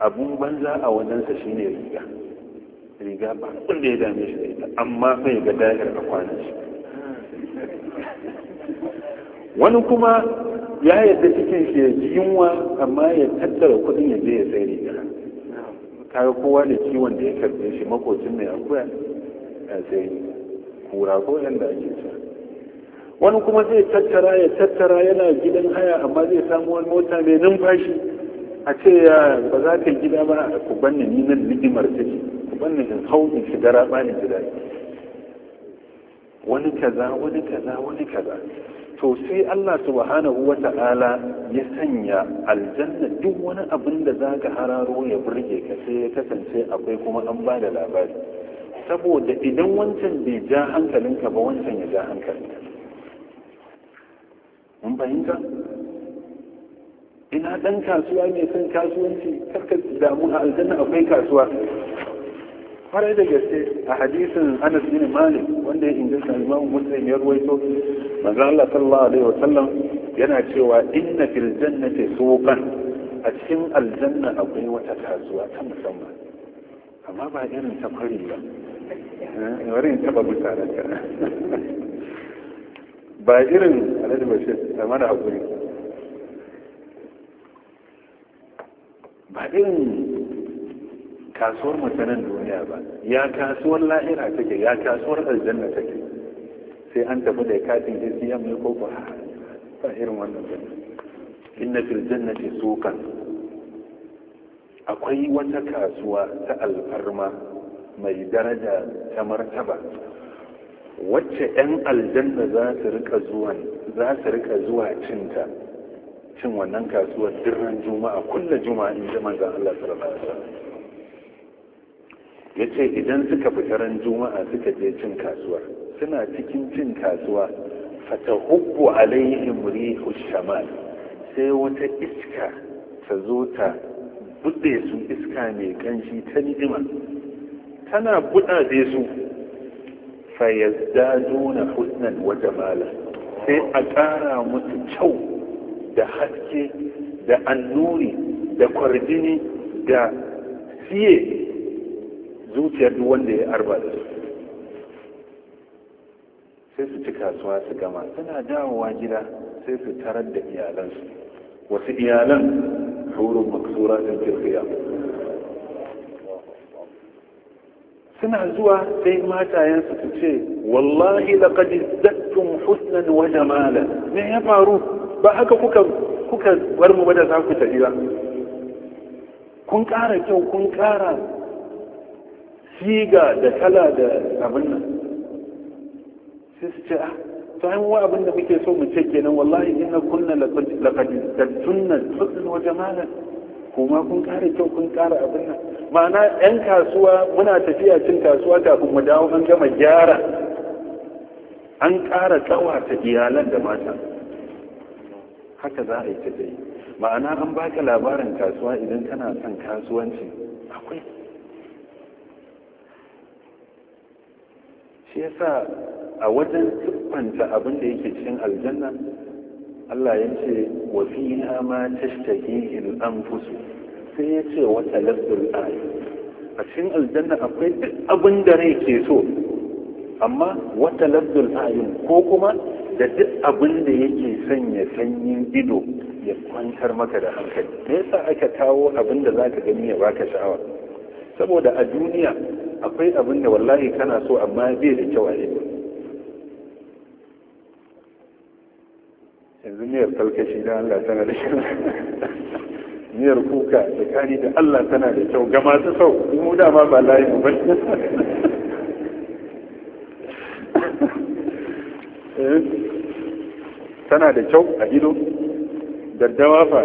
abun banza a wajensa ne riga riga ba wanda ya dame shi da amma sai ga a kwanan wani kuma ya yadda cikin shi ya ji yunwa amma ya tattara kudin ya je ya sai riga kaga kowa da kiwon da ya karbe shi makocin mai akuya ya sai kura ko yanda ake cewa wani kuma zai tattara ya tattara yana gidan haya amma zai samu wani mota mai numfashi a ce ya ba za ka gida ba ku banne ni nan rigimar take wannan in hau in dara raba ne ji daɗi wani kaza wani kaza wani kaza to sai Allah subhanahu wa ta'ala ya sanya aljanna duk wani abin da za ka hararo ya burge ka sai ya kasance akwai kuma an ba da labari saboda idan wancan bai ja hankalinka ba wancan ya ja hankalinka mun fahimta ina ɗan kasuwa mai son kasuwanci karka damu a aljanna akwai kasuwa kwarai da gaske a hadisin Anas bin Malik wanda ya inganta Imam Muslim ya ruwaito manzo Allah sallallahu alaihi wasallam yana cewa inna fil jannati suqan a cikin aljanna akwai wata kasuwa ta musamman amma ba irin ta kwari ba wani eh, in taba mutanen ba irin alhaji bashir da mana hakuri kasuwar mu nan duniya ba ya kasuwar lahira take ya kasuwar aljanna take sai an tafi da katin ATM ne ko ba ba irin wannan janna inna fil jannati suqan akwai wata kasuwa ta alfarma mai daraja ta martaba wacce 'yan aljanna za su rika zuwa za su rika zuwa cinta cin wannan kasuwar dirran juma'a kulla juma'a in ji manzon Allah sallallahu alaihi wasallam ya ce idan suka fita ran juma'a suka je cin kasuwa suna cikin cin kasuwa fatahubbu alaihim rihu shamal sai wata iska ta zo ta buɗe su iska mai kanshi ta ni'ima tana buɗaɗe su fayazdaduna husnan wa jamala sai a ƙara musu kyau da haske da annuri da kwarjini da siye zuciyar duk wanda ya arba da su sai su ci kasuwa su gama suna dawowa gida sai su tarar da iyalansu wasu iyalan hurun maksura da kirkiya suna zuwa sai matayensu su ce wallahi laqad zattun husnan wa jamala me ya faru ba haka kuka kuka bar mu ba da za ku tafi kun ƙara kyau kun ƙara siga da kala da abin nan sai su ce ta yi wa abin da muke so mu ce kenan wallahi ina kunna da tunan husn wa jamalan kuma kun kare kyau kun kare abin nan ma'ana yan kasuwa muna tafiya cin kasuwa kafin mu dawo an gama gyara an kara ta iyalan da mata haka za a yi ta ma'ana an baka labarin kasuwa idan kana son kasuwanci shi yasa a wajen siffanta abin da yake cikin aljanna Allah ya ce wa fiha ma tashtahi al anfus sai ya ce wa talazzul ayi a cikin aljanna akwai duk abin da rai ke so amma wa talazzul ayi ko kuma da duk abin da yake sanya sanyin ido ya kwantar maka da hankali me yasa aka kawo abin da zaka gani ya baka sha'awa saboda a duniya akwai abin da wallahi kana so amma bai da kyau a ido yanzu miyar talkashi da Allah tana da kyau miyar kuka da kani da Allah tana da kyau ga masu sau mu dama ba layi mu bai eh, tana da kyau a ido daddawa fa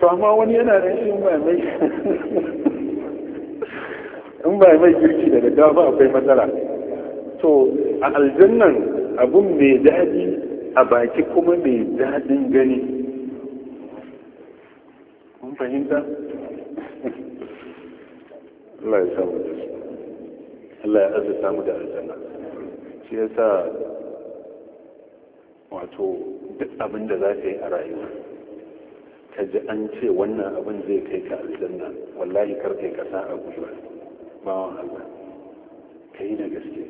to amma wani yana da shi mai mai in ba mai girki da dawa ba akwai matsala to a aljannan abun mai daɗi a baki kuma mai daɗin gani kun fahimta Allah ya samu da Allah ya samu da aljanna shi ya sa wato duk abin da za ka yi a rayuwa ka ji an ce wannan abin zai kai ka aljanna wallahi kar kai ka sa a gwiwa bawan Allah ka yi na gaske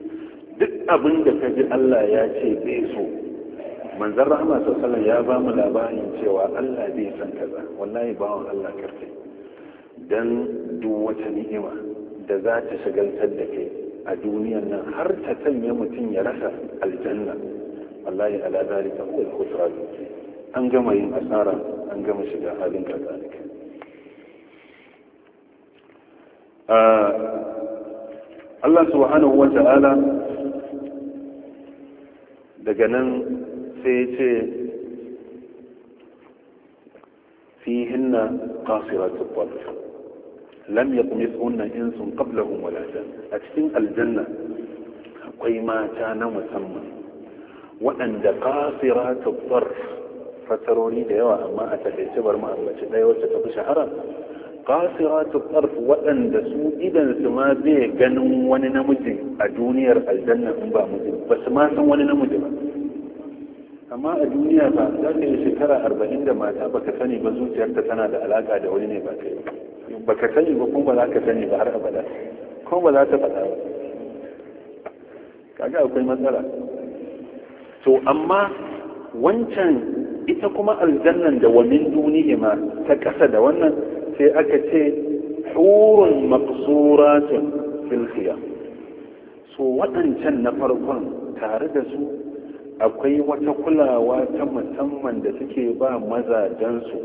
duk abin da ka ji Allah ya ce bai so manzan rahama sassalan ya ba mu labarin cewa Allah bai san kaza wallahi bawan Allah karfe don duk wata ni'ima da za ta shagaltar da kai a duniyar nan har ta sanya mutum ya rasa aljanna wallahi ala zalika huwa al-khusran an gama yin asara an gama shiga halin kazalika ah, Allah subhanahu wa ta'ala daga nan sai ya ce fihin na kasiratun kwallon lam ya kuma tsunan insun kablahun walatan a cikin aljanna akwai mata na musamman waɗanda kasiratun kwallon fatarori da yawa amma a taɗaice bar ma'ambaci ɗaya wacce ta fi shahara qasiratu tarf waɗanda su idan su ma bai ganin wani namiji a duniyar aljanna in ba mutum ba su ma san wani namiji ba amma a duniya ba za ka yi shekara arba'in da mata ba ka sani ba zuciyarta tana da alaƙa da wani ne ba kai baka sani ba kuma ba za ka sani ba har abada kuma ba za ta faɗa ba kaga akwai matsala to amma wancan ita kuma aljannan da wani duniya ma ta ƙasa da wannan sai aka ce hurun maqsuratun fil khiyam so waɗancan na farkon tare da su akwai wata kulawa ta musamman da suke ba mazajensu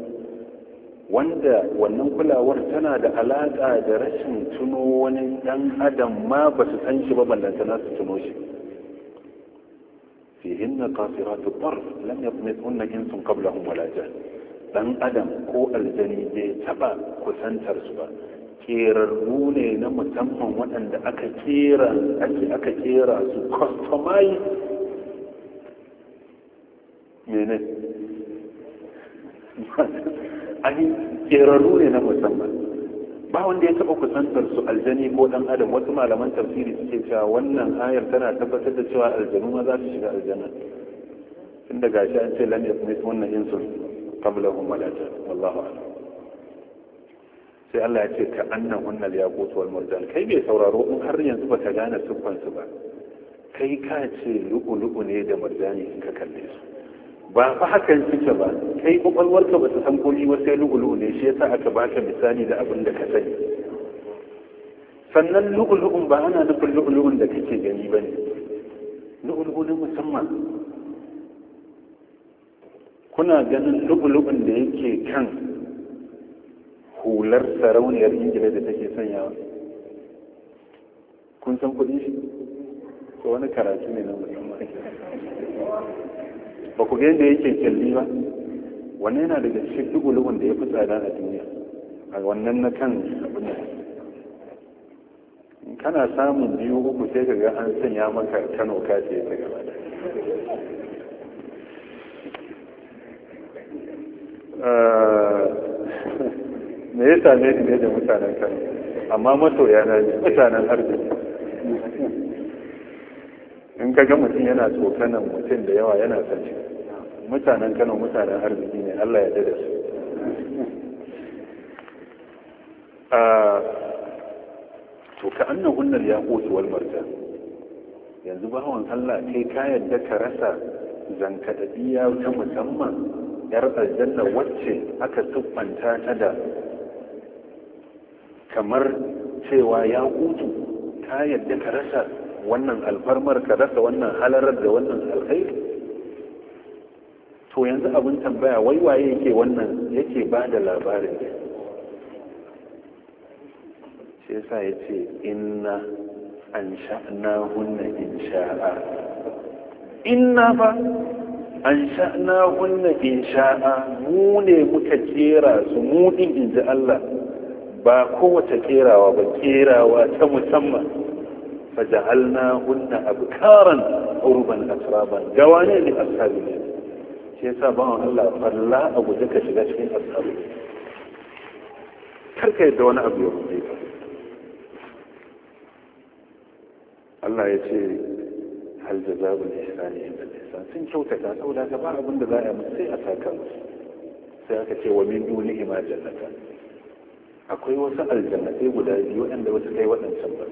wanda wannan kulawar tana da alaƙa da rashin tuno wani ɗan adam ma ba su san shi ba ballantana su tuno shi hinna qasiratu tarf lam yatmithunna kabla qablahum wala jan ɗan adam ko aljani bai taɓa kusantar su ba kerarru ne na musamman waɗanda aka kera ake aka kera su customize mene ani kerarru ne na musamman ba wanda ya taɓa kusantar su aljani ko ɗan adam wasu malaman tafsiri suke cewa wannan ayar tana tabbatar da cewa aljanu ma za su shiga aljanna tun da gashi an ce lam yasmis wannan insul sai Allah ya ce ka wannan ya yaqut wal marjan kai bai sauraro in har yanzu baka gane siffan su ba kai ka ce lu'ulu'u ne da murjani in ka kalle su ba fa hakan suke ba kai kwakwalwarka ba ta san komi ba sai lu'ulu'u ne shi yasa aka baka misali da abin da ka sani sannan lu'ulu'un ba ana nufin lu'ulu'un da kake gani ba ne lu'ulu'u ne musamman kuna ganin lubulubin da yake kan hular sarauniyar ingila da take sanyawa kun san kudin shi to wani karatu ne na musamman ba ku ga yadda yake kyalli ba wani yana daga cikin lubulubin da ya fi tsada a duniya a wannan na kan abin kana samun biyu uku sai ka ga an sanya maka kano kace ta gaba Eh, me ya same ni ne da mutanen kano amma masoya na ne mutanen harbi in ka ga mutum yana tsokanan mutum da yawa yana sace mutanen kano mutanen harbi ne allah ya da su ah, to ka annan hunnar ya ƙoci wal yanzu bawan allah kai ka yadda ka rasa zankadabiya ta musamman yar aljanna wacce aka tuffanta ta da kamar cewa ya kutu ta yadda ka rasa wannan alfarmar ka rasa wannan halarar da wannan alkhairi to yanzu abin tambaya wai waye yake wannan yake ba da labarin shi yasa ya ce inna an sha'na hunna in sha'a inna fa an sha'na hunna in sha'a mu ne muka kera su mu din in ji Allah ba kowace kerawa ba kerawa ta musamman faja'alna hunna abkaran urban asraban gawane ne asabi ne shi yasa bawan Allah falla a guje ka shiga cikin asabi karka yadda wani abu ya rubuce Allah ya ce هل جزاء الإحسان عند الإحسان سن شو تكان أو لا تبع من دلائع من سيئتك سيئتك ومن دونهما جنتا أقوي وسأل جنة إيه ولا يؤن لو سكي وأن سبب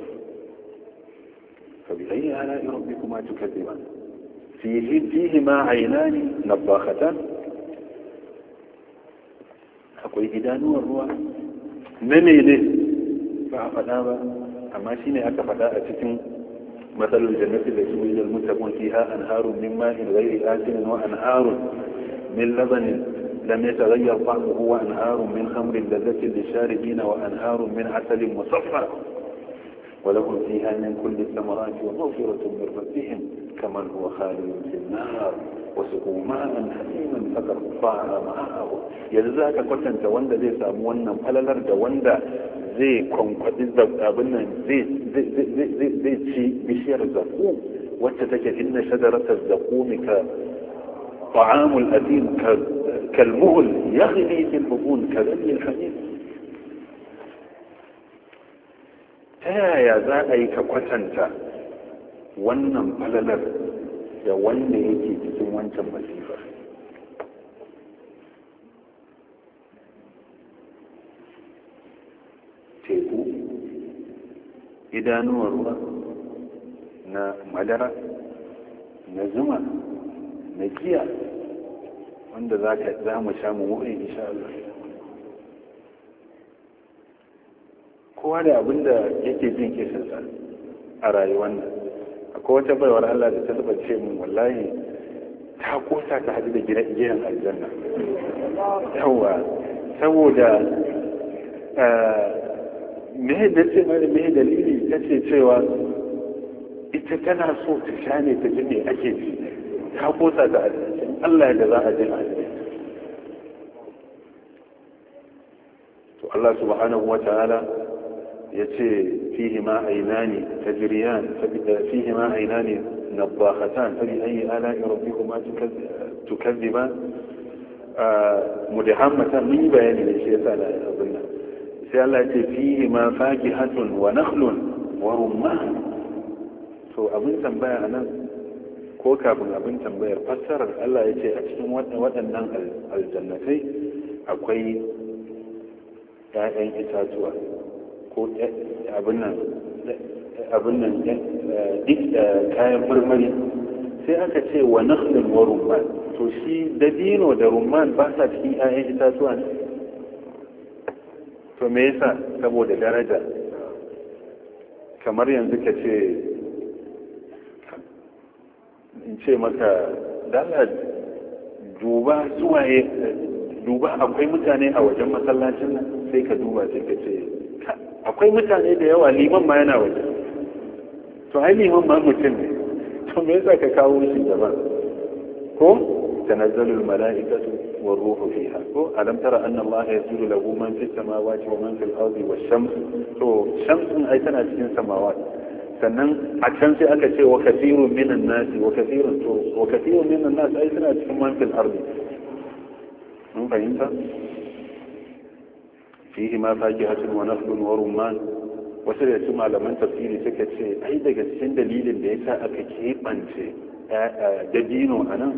فبأي آلاء ربكما تكذبان فيه فيهما عينان نباختان أقوي إذا نور من إليه فأخذ هذا أما شيني أكفداء ستين مثل الجنة التي وجد المتقون فيها أنهار من ماء غير آسن وأنهار من لبن لم يتغير طعمه وأنهار من خمر لذة للشاربين وأنهار من عسل مصفى ولهم فيها من كل الثمرات ومغفرة من ربهم كمن هو خالد في النار wasu malan haliman saka fara ma'ahu yanzu za ka kwatanta wanda zai samu wannan falalar da wanda zai kwankwaɗi abin nan zai ci bishiyar zaku wacce take inna shadaratar zaku ka طعام الأثيم كالمغل يغلي في البطون كغلي الحميم ta yaya za a yi ka kwatanta wannan falalar da wanda yake cikin wancan masifar teku idanuwar ruwa na madara na zuma na giya wanda za mu sha mu wuri insha Allah kowa da abinda yake jin kishinsa a rayuwar nan akwai wata baiwar Allah da ta taba ce mun wallahi ta kosa ta hadu da gidan aljanna yawa saboda eh, me da ce mai me dalili ta ce cewa ita tana so ta sha ne ta ji ake ji ta kosa ta hadu Allah da za a ji aljanna to Allah subhanahu wa ta'ala ya ce fihi ma ainani ta jiriyan eh, fihi ma ainani na bakatan ta yi ayi ala irofi kuma tukazi ba a ah, mudahammatan mun yi bayani ne shi ya sa da sai Allah ya ma faki hatun wa nahlun wa rumma so abin tambaya nan ko kafin abin tambayar fassarar Allah ya ce a cikin waɗannan aljannatai akwai 'ya'yan itatuwa ko eh, abin nan eh, duk eh, kayan marmari sai aka ce wa nakhlin wa rumman to shi dabino da rumman ba sa cikin 'ya'yan itatuwa ne to me yasa saboda daraja kamar yanzu ka ce in ce maka dala duba suwaye duba akwai mutane a wajen masallacin nan sai ka duba sai ka ce akwai mutane da yawa liman ma yana waje to ai liman ma mutum ne to me yasa ka kawo shi daban ko tanazzalul mala'ikatu war ruhu fiha ko alam tara anna Allah yasjudu lahu man fis samawati wa man fil ardi wash shams to shamsun ai tana cikin samawati sannan a can sai aka ce wa kathirun minan nasi wa kathirun to wa kathirun minan nasi ai tana cikin man fil ardi mun fahimta فيهما فاكهة ونخل ورمان wasu da su malaman tafsiri suka ce ai daga cikin dalilin da yasa aka keɓance eh, eh, dabino a nan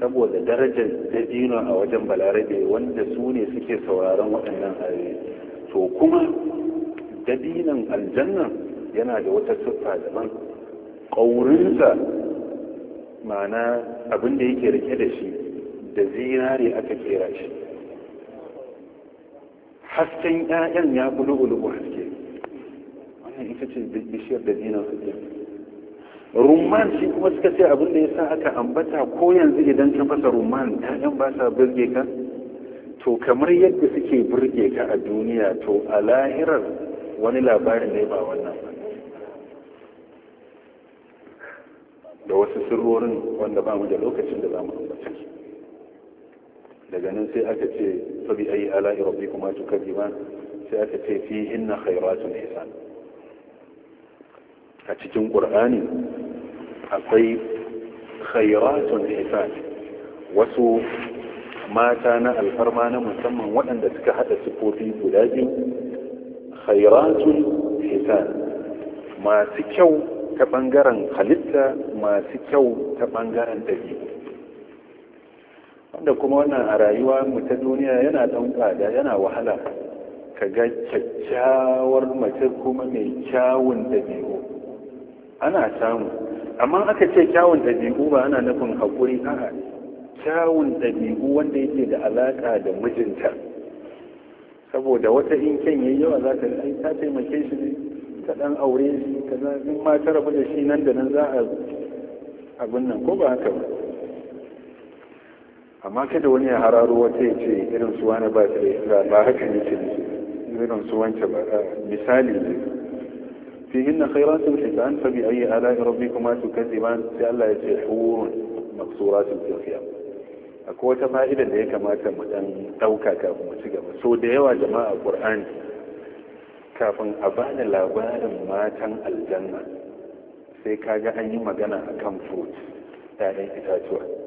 saboda darajar dabino a wajen balarabe wanda su ne suke sauraron waɗannan ayoyi to kuma dabinan aljannan yana da wata siffa daban ƙaurinsa ma'ana abin da yake rike da shi da zinare aka kera shi hasken 'ya'yan ya fi lu'ulu'u haske wannan ita ce bishiyar da dina su ke rumman shi kuma suka ce abin da ya sa aka ambata ko yanzu idan ka fasa rumman 'ya'yan ba sa birge ka to kamar yadda suke birge ka a duniya to a lahirar wani labarin ne ba wannan ba da wasu sirrorin wanda ba mu da lokacin da za mu ambata daga nan sai aka ce fabi ayi ala'i rabbi kuma ba. sai aka ce fi inna khairatun ihsan a cikin qur'ani akwai khairatun ihsan wasu mata na alfarma na musamman waɗanda suka haɗa sifofi guda biyu khairatun ihsan masu kyau ta ɓangaren halitta masu kyau ta ɓangaren ɗabi'u wanda kuma wannan a rayuwa mu ta duniya yana ɗan ƙada yana wahala ka ga kyakkyawar mace kuma mai kyawun dabi'u. ana samu amma aka ce kyawun dabi'u ba ana nufin haƙuri a'a kyawun dabi'u wanda yake da alaƙa da mijinta saboda wata in kyan yayi yawa za ta ai ta taimake shi ne ta ɗan aure shi kaza in ma rabu da shi nan da nan za a abin nan ko ba haka ba amma kada wani ya hararo wata ya ce irin su wani ba su da ba haka ne ce irin su wancan ba misali ne fi hinna khairatun hitan fa bi ayi ala rabbikuma tukaziban sai Allah ya ce hurun maksuratun fil a akwai wata fa'ida da ya kamata mu dan dauka kafin mu ci gaba so da yawa jama'a qur'ani kafin a da labarin matan aljanna sai kaga an yi magana akan fruit 'ya'yan itatuwa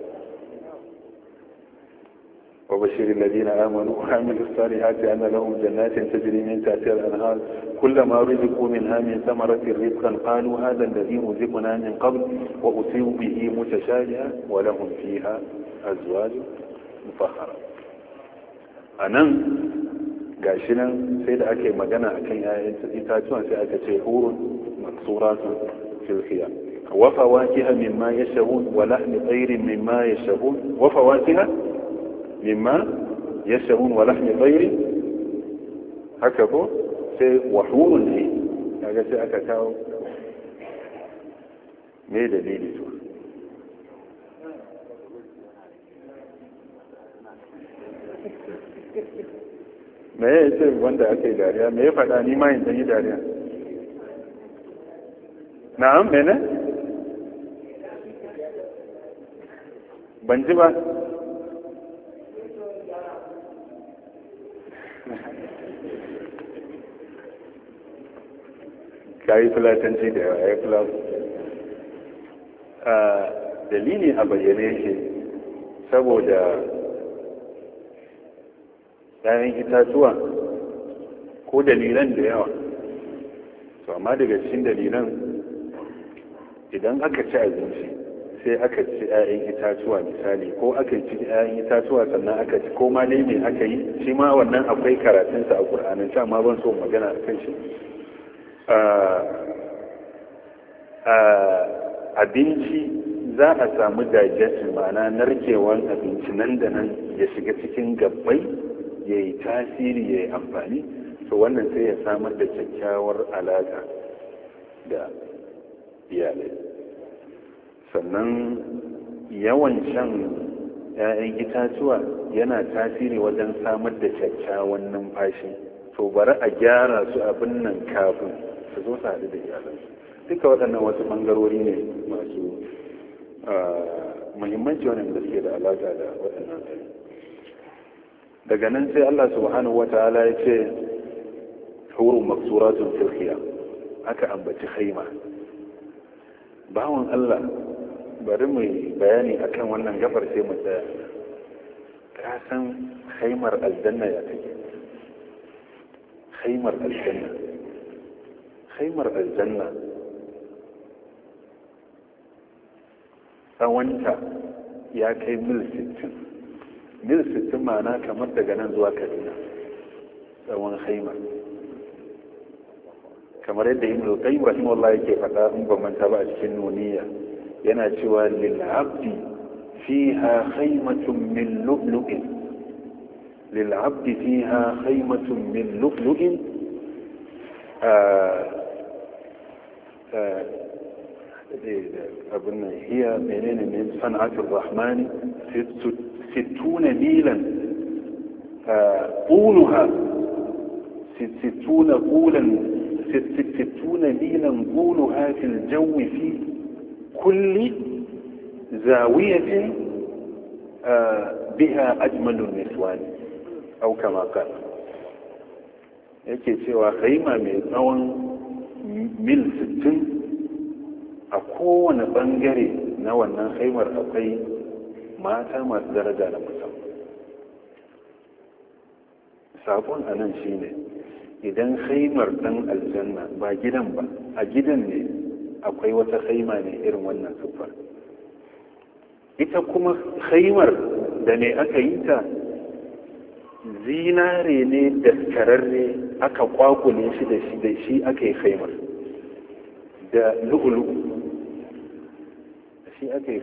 وبشر الذين آمنوا وعملوا الصالحات أن لهم جنات تجري من تأثير الأنهار كلما رزقوا منها من ثمرة رزقا قالوا هذا الذي رزقنا من قبل وأصيب به متشابها ولهم فيها أزواج مفخرة أنا قاشنا سيد أكي مجانا أكي إتاتوا سيأتي شهور مكسورات في الخيام وفواكه مما يشهون ولحم طير مما يشهون وفواكه mimma yashrabun wa lahmi tayri haka ko sai wahurun ne kaga sai aka kawo me dalili to me ya ce wanda aka yi dariya me ya faɗa ni ma yin yi dariya na'am mene ban ji ba ka yi fulatanci da yawa ya fula dalili a bayyane yake saboda ‘ya'yan itatuwa ko dalilan da yawa to amma daga cikin dalilan idan aka ci abinci sai aka ci ‘ya'yan itatuwa misali ko aka ci ‘ya'yan itatuwa sannan aka ci ko ma ne mai aka yi shi ma wannan akwai karatunsa a ƙur'anin ta ma ban so magana a kan shi abinci za a samu digestion ma'ana narkewan abinci nan da nan ya shiga cikin gabbai ya yi tasiri ya yi amfani to wannan sai ya samar da kyakkyawar alaƙa da iyalai sannan yawan shan 'ya'yan itatuwa yana tasiri wajen samar da kyakkyawan numfashi to bari a gyara su abin nan kafin su zo su haɗu da iyalansu duka waɗannan wasu ɓangarori ne masu muhimmanci da suke da alaƙa da waɗannan ɗari daga nan sai Allah subhanahu wa ta'ala ya ce hurun maksuratun filhiya aka ambaci haima bawon Allah bari mu bayani akan wannan gafar sai mu tsaya ka san haimar aljanna ya take haimar aljanna kaimar aljanna tsawonta ya kai mil 60 mil 60 ma'ana kamar daga nan zuwa kaduna tsawon haimar kamar yadda yin lokai wallah yake faɗa in ba manta ba a cikin nuniya yana cewa lil fi ha haimatun min lu'lu'in lil fi ha haimatun min lu'lu'in ah, Eh, abin nan hiya menene ne sana'atul rahmani sittuna milan kuluha eh, sittuna kulan sittuna milan kuluha fil jawi fi kulli zawiyatin eh, biha ajmalun niswani au kama kala yake cewa kaima mai tsawon mil 60 a kowane bangare na wannan haimar akwai mata masu daraja na musamman sabon a nan shi ne idan haimar ɗan aljanna ba gidan ba a gidan ne akwai wata haima ne irin wannan siffar ita kuma haimar da ne aka yi ta zinare ne da daskararre aka kwakule shi da shi da shi aka yi haimar da lu'ulu shi aka yi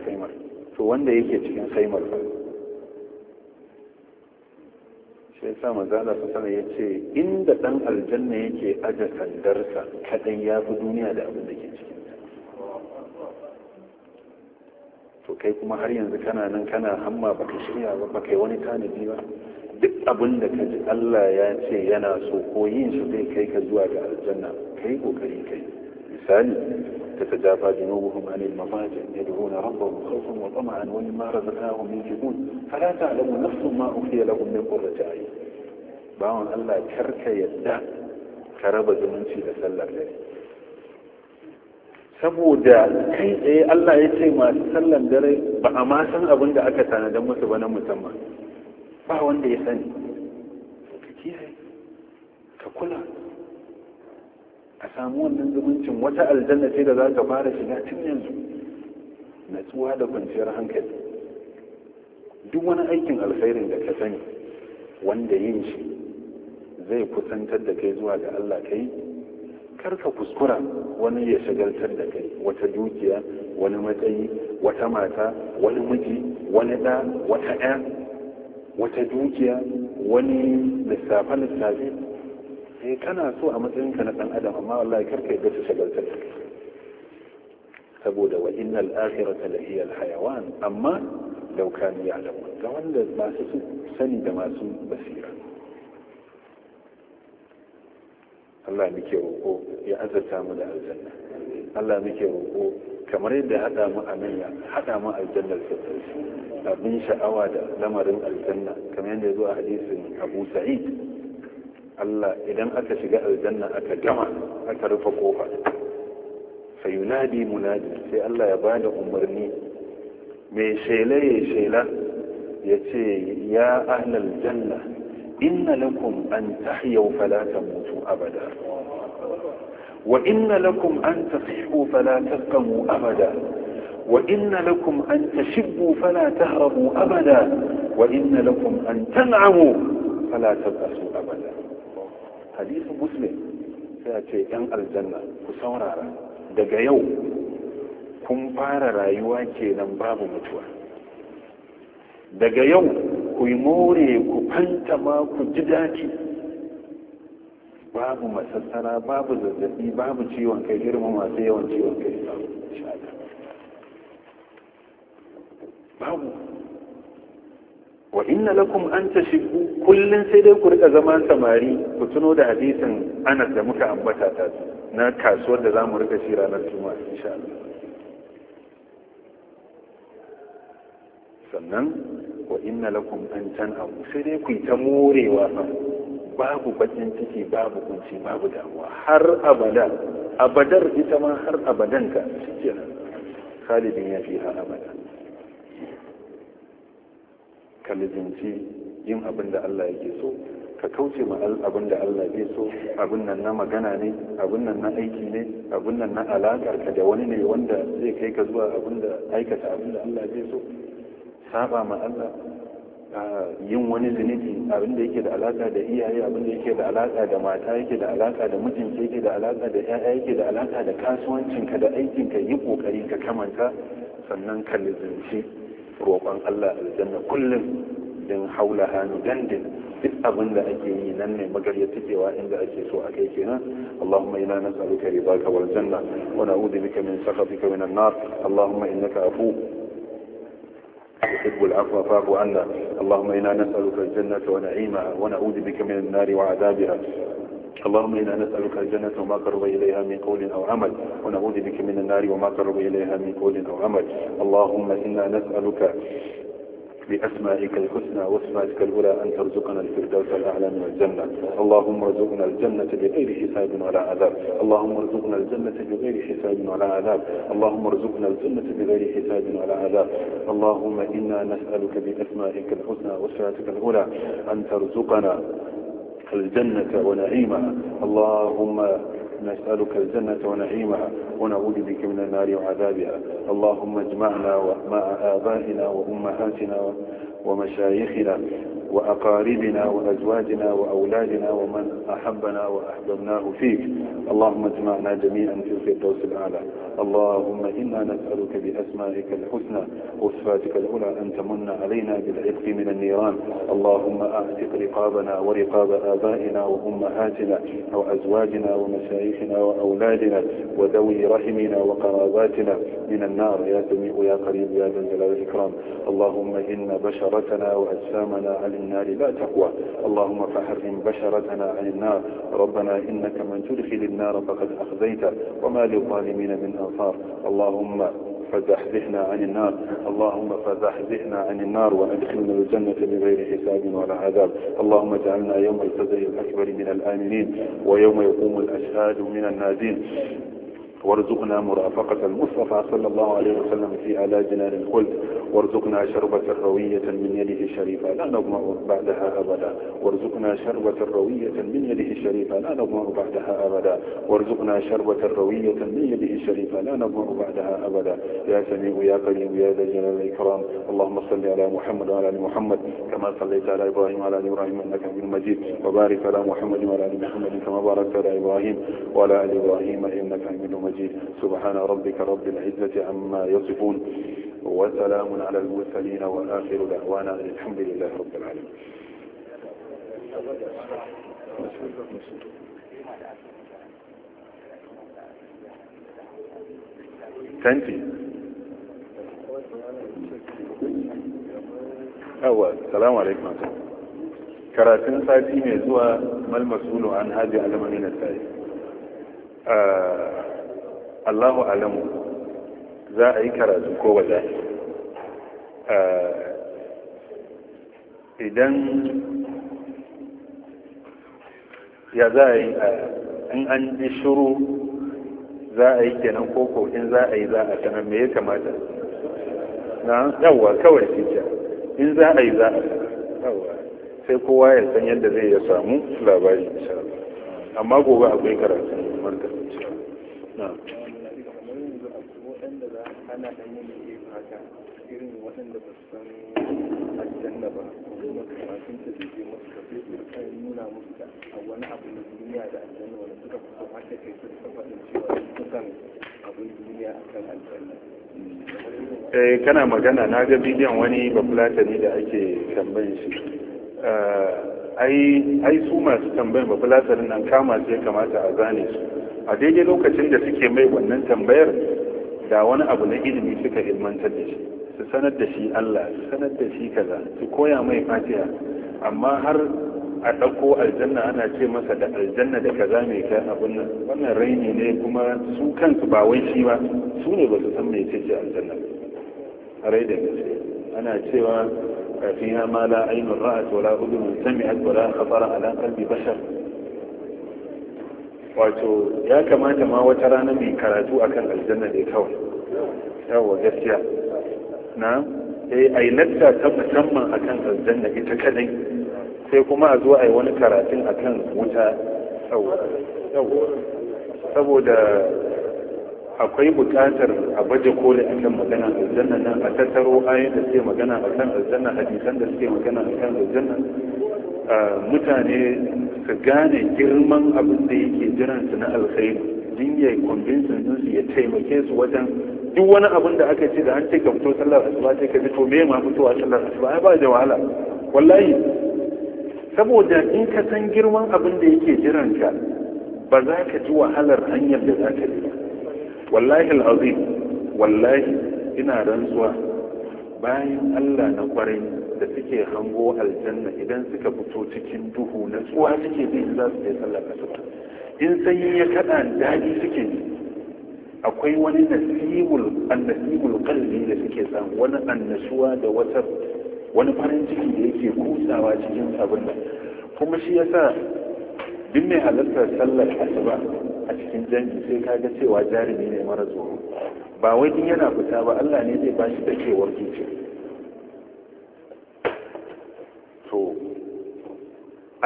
to wanda yake cikin saimar ba shi sa manzana su sana ya ce inda dan aljanna yake aje sandarsa kaɗan ya fi duniya da abin da ke cikin to kai kuma har yanzu kana nan kana hamma baka shirya ba baka yi wani tanadi ba duk abin da ka ji Allah ya ce yana so ko yin shi zai kai ka zuwa ga aljanna kai kokari kai ثاني تتجافى جنوبهم عن المضاجع يدعون ربهم خوفا وطمعا ومما رزقناهم ينفقون فلا تعلم نفس ما أخفي لهم من قرة أعين باون الله كرك يدا كرب زمنشي لسلر لي saboda kai tsaye Allah ya ce masu sallan dare ba a ma san abin da aka tanadan musu ba na musamman ba wanda ya sani ka kiyaye ka kula a samu wannan zumuncin wata aljanna ce da za ta fara shiga tun yanzu natsuwa da kwanciyar hankali duk wani aikin alkhairin da ka sani wanda yin shi zai kusantar da kai zuwa ga Allah kai kar ka kuskura wani ya shagaltar da kai wata dukiya wani matsayi wata mata wani miji wani ɗa wata ɗaya wata dukiya wani lissafe-lissafe eh kana so a matsayinka na dan adam amma wallahi karka yadda su shagaltar saboda wa innal akhirata la hiya al hayawan amma law kanu ya'lamun ga wanda ba su sani da masu basira Allah muke roƙo ya azurta mu da aljanna Allah muke roƙo kamar yadda haɗa mu a nan haɗa mu aljannar firdausi abin sha'awa da lamarin aljanna kamar yadda ya zo a hadisin Abu Sa'id Allah idan aka shiga aljanna aka gama aka rufe kofa fa yunadi munadi sai Allah ya bada umarni mai shela ya shela ya ce ya ahlal janna inna lakum an tahyaw fala tamutu abada wa inna lakum an tasihu fala taqamu abada وإن لكم أن تشبوا فلا تهربوا أبدا وإن لكم أن تنعموا فلا تبأسوا أبدا hadisi muslim sai a ce yan aljanna ku saurara daga yau kun fara rayuwa kenan babu mutuwa daga yau ku yi more ku ma ku ji daɗi babu masassara babu zazzabi babu ciwon kai girma masu yawan ciwon kai inna lakum an tashibu kullun sai dai ku rika zama samari ku tuno da hadisin Anas da muka ambata ta na kasuwar da zamu rika shi ranar Juma'a insha sannan wa inna lakum an abu sai dai ku yi ta morewa fa babu bakin ciki babu kunci babu damuwa har abada abadar ita ma har abadan ka shikenan khalidin ya fi abada ka lizinci yin abin da Allah yake so ka kauce ma abin da Allah ke so abin nan na magana ne abin nan na aiki ne abin nan na alaƙar ka da wani ne wanda zai kai ka zuwa abin da aikata abin da Allah ke so saba ma Allah yin wani zunubi abin da yake da alaƙa da iyaye abin da yake da alaƙa da mata yake da alaƙa da mijinki yake da alaƙa da ƴaƴa yake da alaƙa da kasuwancinka da aikinka yi ƙoƙari ka kamanta sannan ka lizinci roƙon Allah aljanna kullum din haula hannu dandin duk abin da ake yi nan ne magarya tukewa inda ake so a kai kenan Allahumma ina nas'aluka ridaka wal janna wa na'udhu bika min sakhatika min an-nar Allahumma innaka afu تحب العفو فاعف عنا اللهم إنا نسألك الجنة ونعيمها ونعوذ بك من النار وعذابها اللهم إنا نسألك الجنة وما قرب إليها من قول أو عمل ونعوذ بك من النار وما قرب إليها من قول أو عمل اللهم إنا نسألك بأسمائك الحسنى وأسمائك الأولى أن ترزقنا الفردوس الأعلى من الجنة اللهم ارزقنا الجنة بغير حساب ولا عذاب اللهم ارزقنا الجنة بغير حساب ولا عذاب اللهم ارزقنا الجنة بغير حساب ولا عذاب اللهم إنا نسألك بأسمائك الحسنى وأسمائك الأولى أن ترزقنا الجنة ونعيمها اللهم نسألك الجنة ونعيمها ونعوذ بك من النار وعذابها اللهم اجمعنا مع آبائنا وأمهاتنا ومشايخنا وأقاربنا وأزواجنا وأولادنا ومن أحبنا وأحببناه فيك اللهم اجمعنا جميعا في الفردوس الأعلى اللهم إنا نسألك بأسمائك الحسنى وصفاتك العلى أن تمن علينا بالعتق من النيران اللهم أعتق رقابنا ورقاب آبائنا وأمهاتنا وأزواجنا ومشايخنا وأولادنا وذوي رحمنا وقراباتنا من النار يا سميع يا قريب يا ذا الجلال والإكرام اللهم إن بشرتنا وأجسامنا علي النار لا تقوى اللهم فحرم بشرتنا عن النار ربنا إنك من تدخل النار فقد أخذيت وما للظالمين من أنصار اللهم فزحزحنا عن النار اللهم فزحزحنا عن النار وادخلنا الجنة بغير حساب ولا عذاب اللهم اجعلنا يوم الفزع الأكبر من الآمنين ويوم يقوم الأشهاد من النادين وارزقنا مرافقة المصطفى صلى الله عليه وسلم في على جنان الخلد وارزقنا شربة روية من يده الشريفة لا نظمأ بعدها أبدا وارزقنا شربة روية من يده الشريفة لا نظمأ بعدها أبدا وارزقنا شربة روية من يده الشريفة لا نظمأ بعدها أبدا يا سميع يا قريب يا ذا الجلال والإكرام اللهم صل على محمد وعلى آل محمد كما صليت على إبراهيم وعلى آل إبراهيم إنك حميد مجيد وبارك على محمد وعلى آل محمد كما باركت على إبراهيم وعلى آل إبراهيم إنك حميد مجيد المجيد سبحان ربك رب العزة عما يصفون وسلام على المرسلين وآخر دعوانا الحمد لله رب العالمين تنتي أول السلام عليكم كراتين sati mai zuwa malmasulu an hajji alamani na tsaye ah, Allahu alamu za a yi karatu ko ba za eh, idan ya za a yi eh, in an yi shuru za a yi kenan koko in za a yi za a sanar me ya kamata na yawwa kawai fita in za a yi za a yawwa sai kowa ya san yadda zai ya samu labari insha amma gobe akwai karatu markar insha Allah ana da yin irin irin waɗanda ba su san aljanna kana magana na ga bidiyon wani bafulatani da ake tambayin shi. Eh, ai su masu tambayar bafulatani nan kama sai kamata a zane su a daidai lokacin da suke mai wannan tambayar da wani abu na ilimi suka ilmantar da shi su sanar da shi Allah su sanar da shi kaza su koya mai fatiha amma har a ɗauko aljanna ana ce masa da aljanna da kaza mai kai abun nan wannan raini ne kuma su kansu ba wai shi ba su ne ba su san mai ce aljanna rai da gaske ana cewa kafin ma la ainun ra'at wala udhun sami'at wala khatara ala qalbi bashar wato ya kamata ma wata rana mai karatu akan aljanna ne kawai yawa gaskiya na eh, a yi latta ta musamman akan aljanna ita kadai sai kuma a zo a yi wani karatun akan wuta saboda akwai bukatar a baje a akan magana aljanna nan a tattaro ayoyin da suke magana akan aljanna hadisan da suke magana akan aljanna mutane su gane girman abin da yake jiran su na alkhairi din ya convincing din su ya taimake su wajen duk wani abin da aka ce da an ce ka fito sallar asuba ce ka fito me ma fitowa sallar asuba ai ba da wahala wallahi saboda in ka san girman abin da yake jiran ka ba za ka ji wahalar hanyar da za ka bi ba wallahi alazim wallahi ina rantsuwa bayan Allah na kwarai da suke hango aljanna idan suka fito cikin duhu na tsuwa suke bi za su je sallar asuba in sanyi ya kada daji suke akwai wani nasibul annasibul qalbi da suke samu wani annasuwa da wata wani farin ciki da yake kusawa cikin abin da kuma shi yasa duk mai halartar sallar asuba a cikin janji sai ka ga cewa jarumi ne mara tsoro ba wai din yana fita ba Allah ne zai ba shi dakewar zuciya to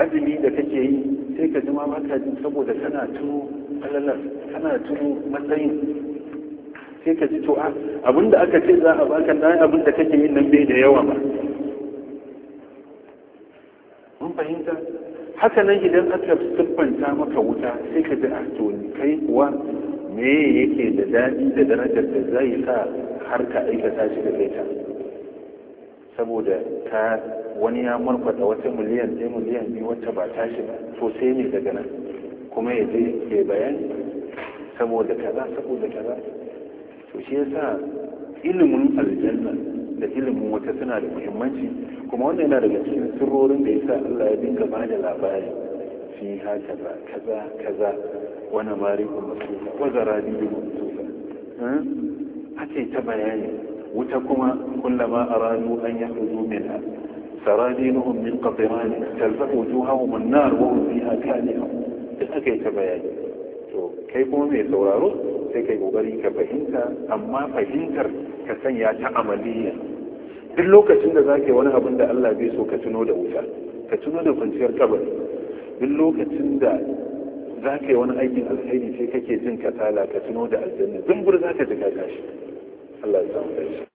azumi da kake yi sai ka ji ma jin saboda kana tunu alalar kana tunu matsayin sai ka ji to ah, abinda aka ce za a baka na abinda da kake yin nan bai da yawa ba mun fahimta haka nan idan aka siffanta maka wuta sai ka ji a ah, to kai kuwa me yake da daɗi da darajar da zai sa har ka aikata shi da kai ta saboda ta wani ya markwada wata miliyan ɗaya miliyan biyu wacce ba tashi ba to sai ne daga nan kuma ya je ya bayani saboda kaza saboda kaza to shi yasa ilimin aljanna da ilimin wata suna da muhimmanci kuma wannan yana daga cikin sirrorin da yasa Allah ya dinga ba da labari fi haka ba kaza kaza wani marikun masufa wazara biyu masufa hmm? ake ta bayani wuta kuma kullama rano an yi yakhruju sarari saradinuhum min qatran talfatu wujuhahum an-nar wa hum fiha kalihun duk yi ta bayani to kai kuma mai sauraro sai kai kokari ka fahimta amma fahimtar ka sanya ta amaliya duk lokacin da zaka yi wani abin da Allah bai so ka tuno da wuta ka tuno da kwanciyar kabari duk lokacin da za yi wani aikin alheri sai kake jin kasala ka tuno da aljanna zumbur za ka ji ka tashi Allah ya shi.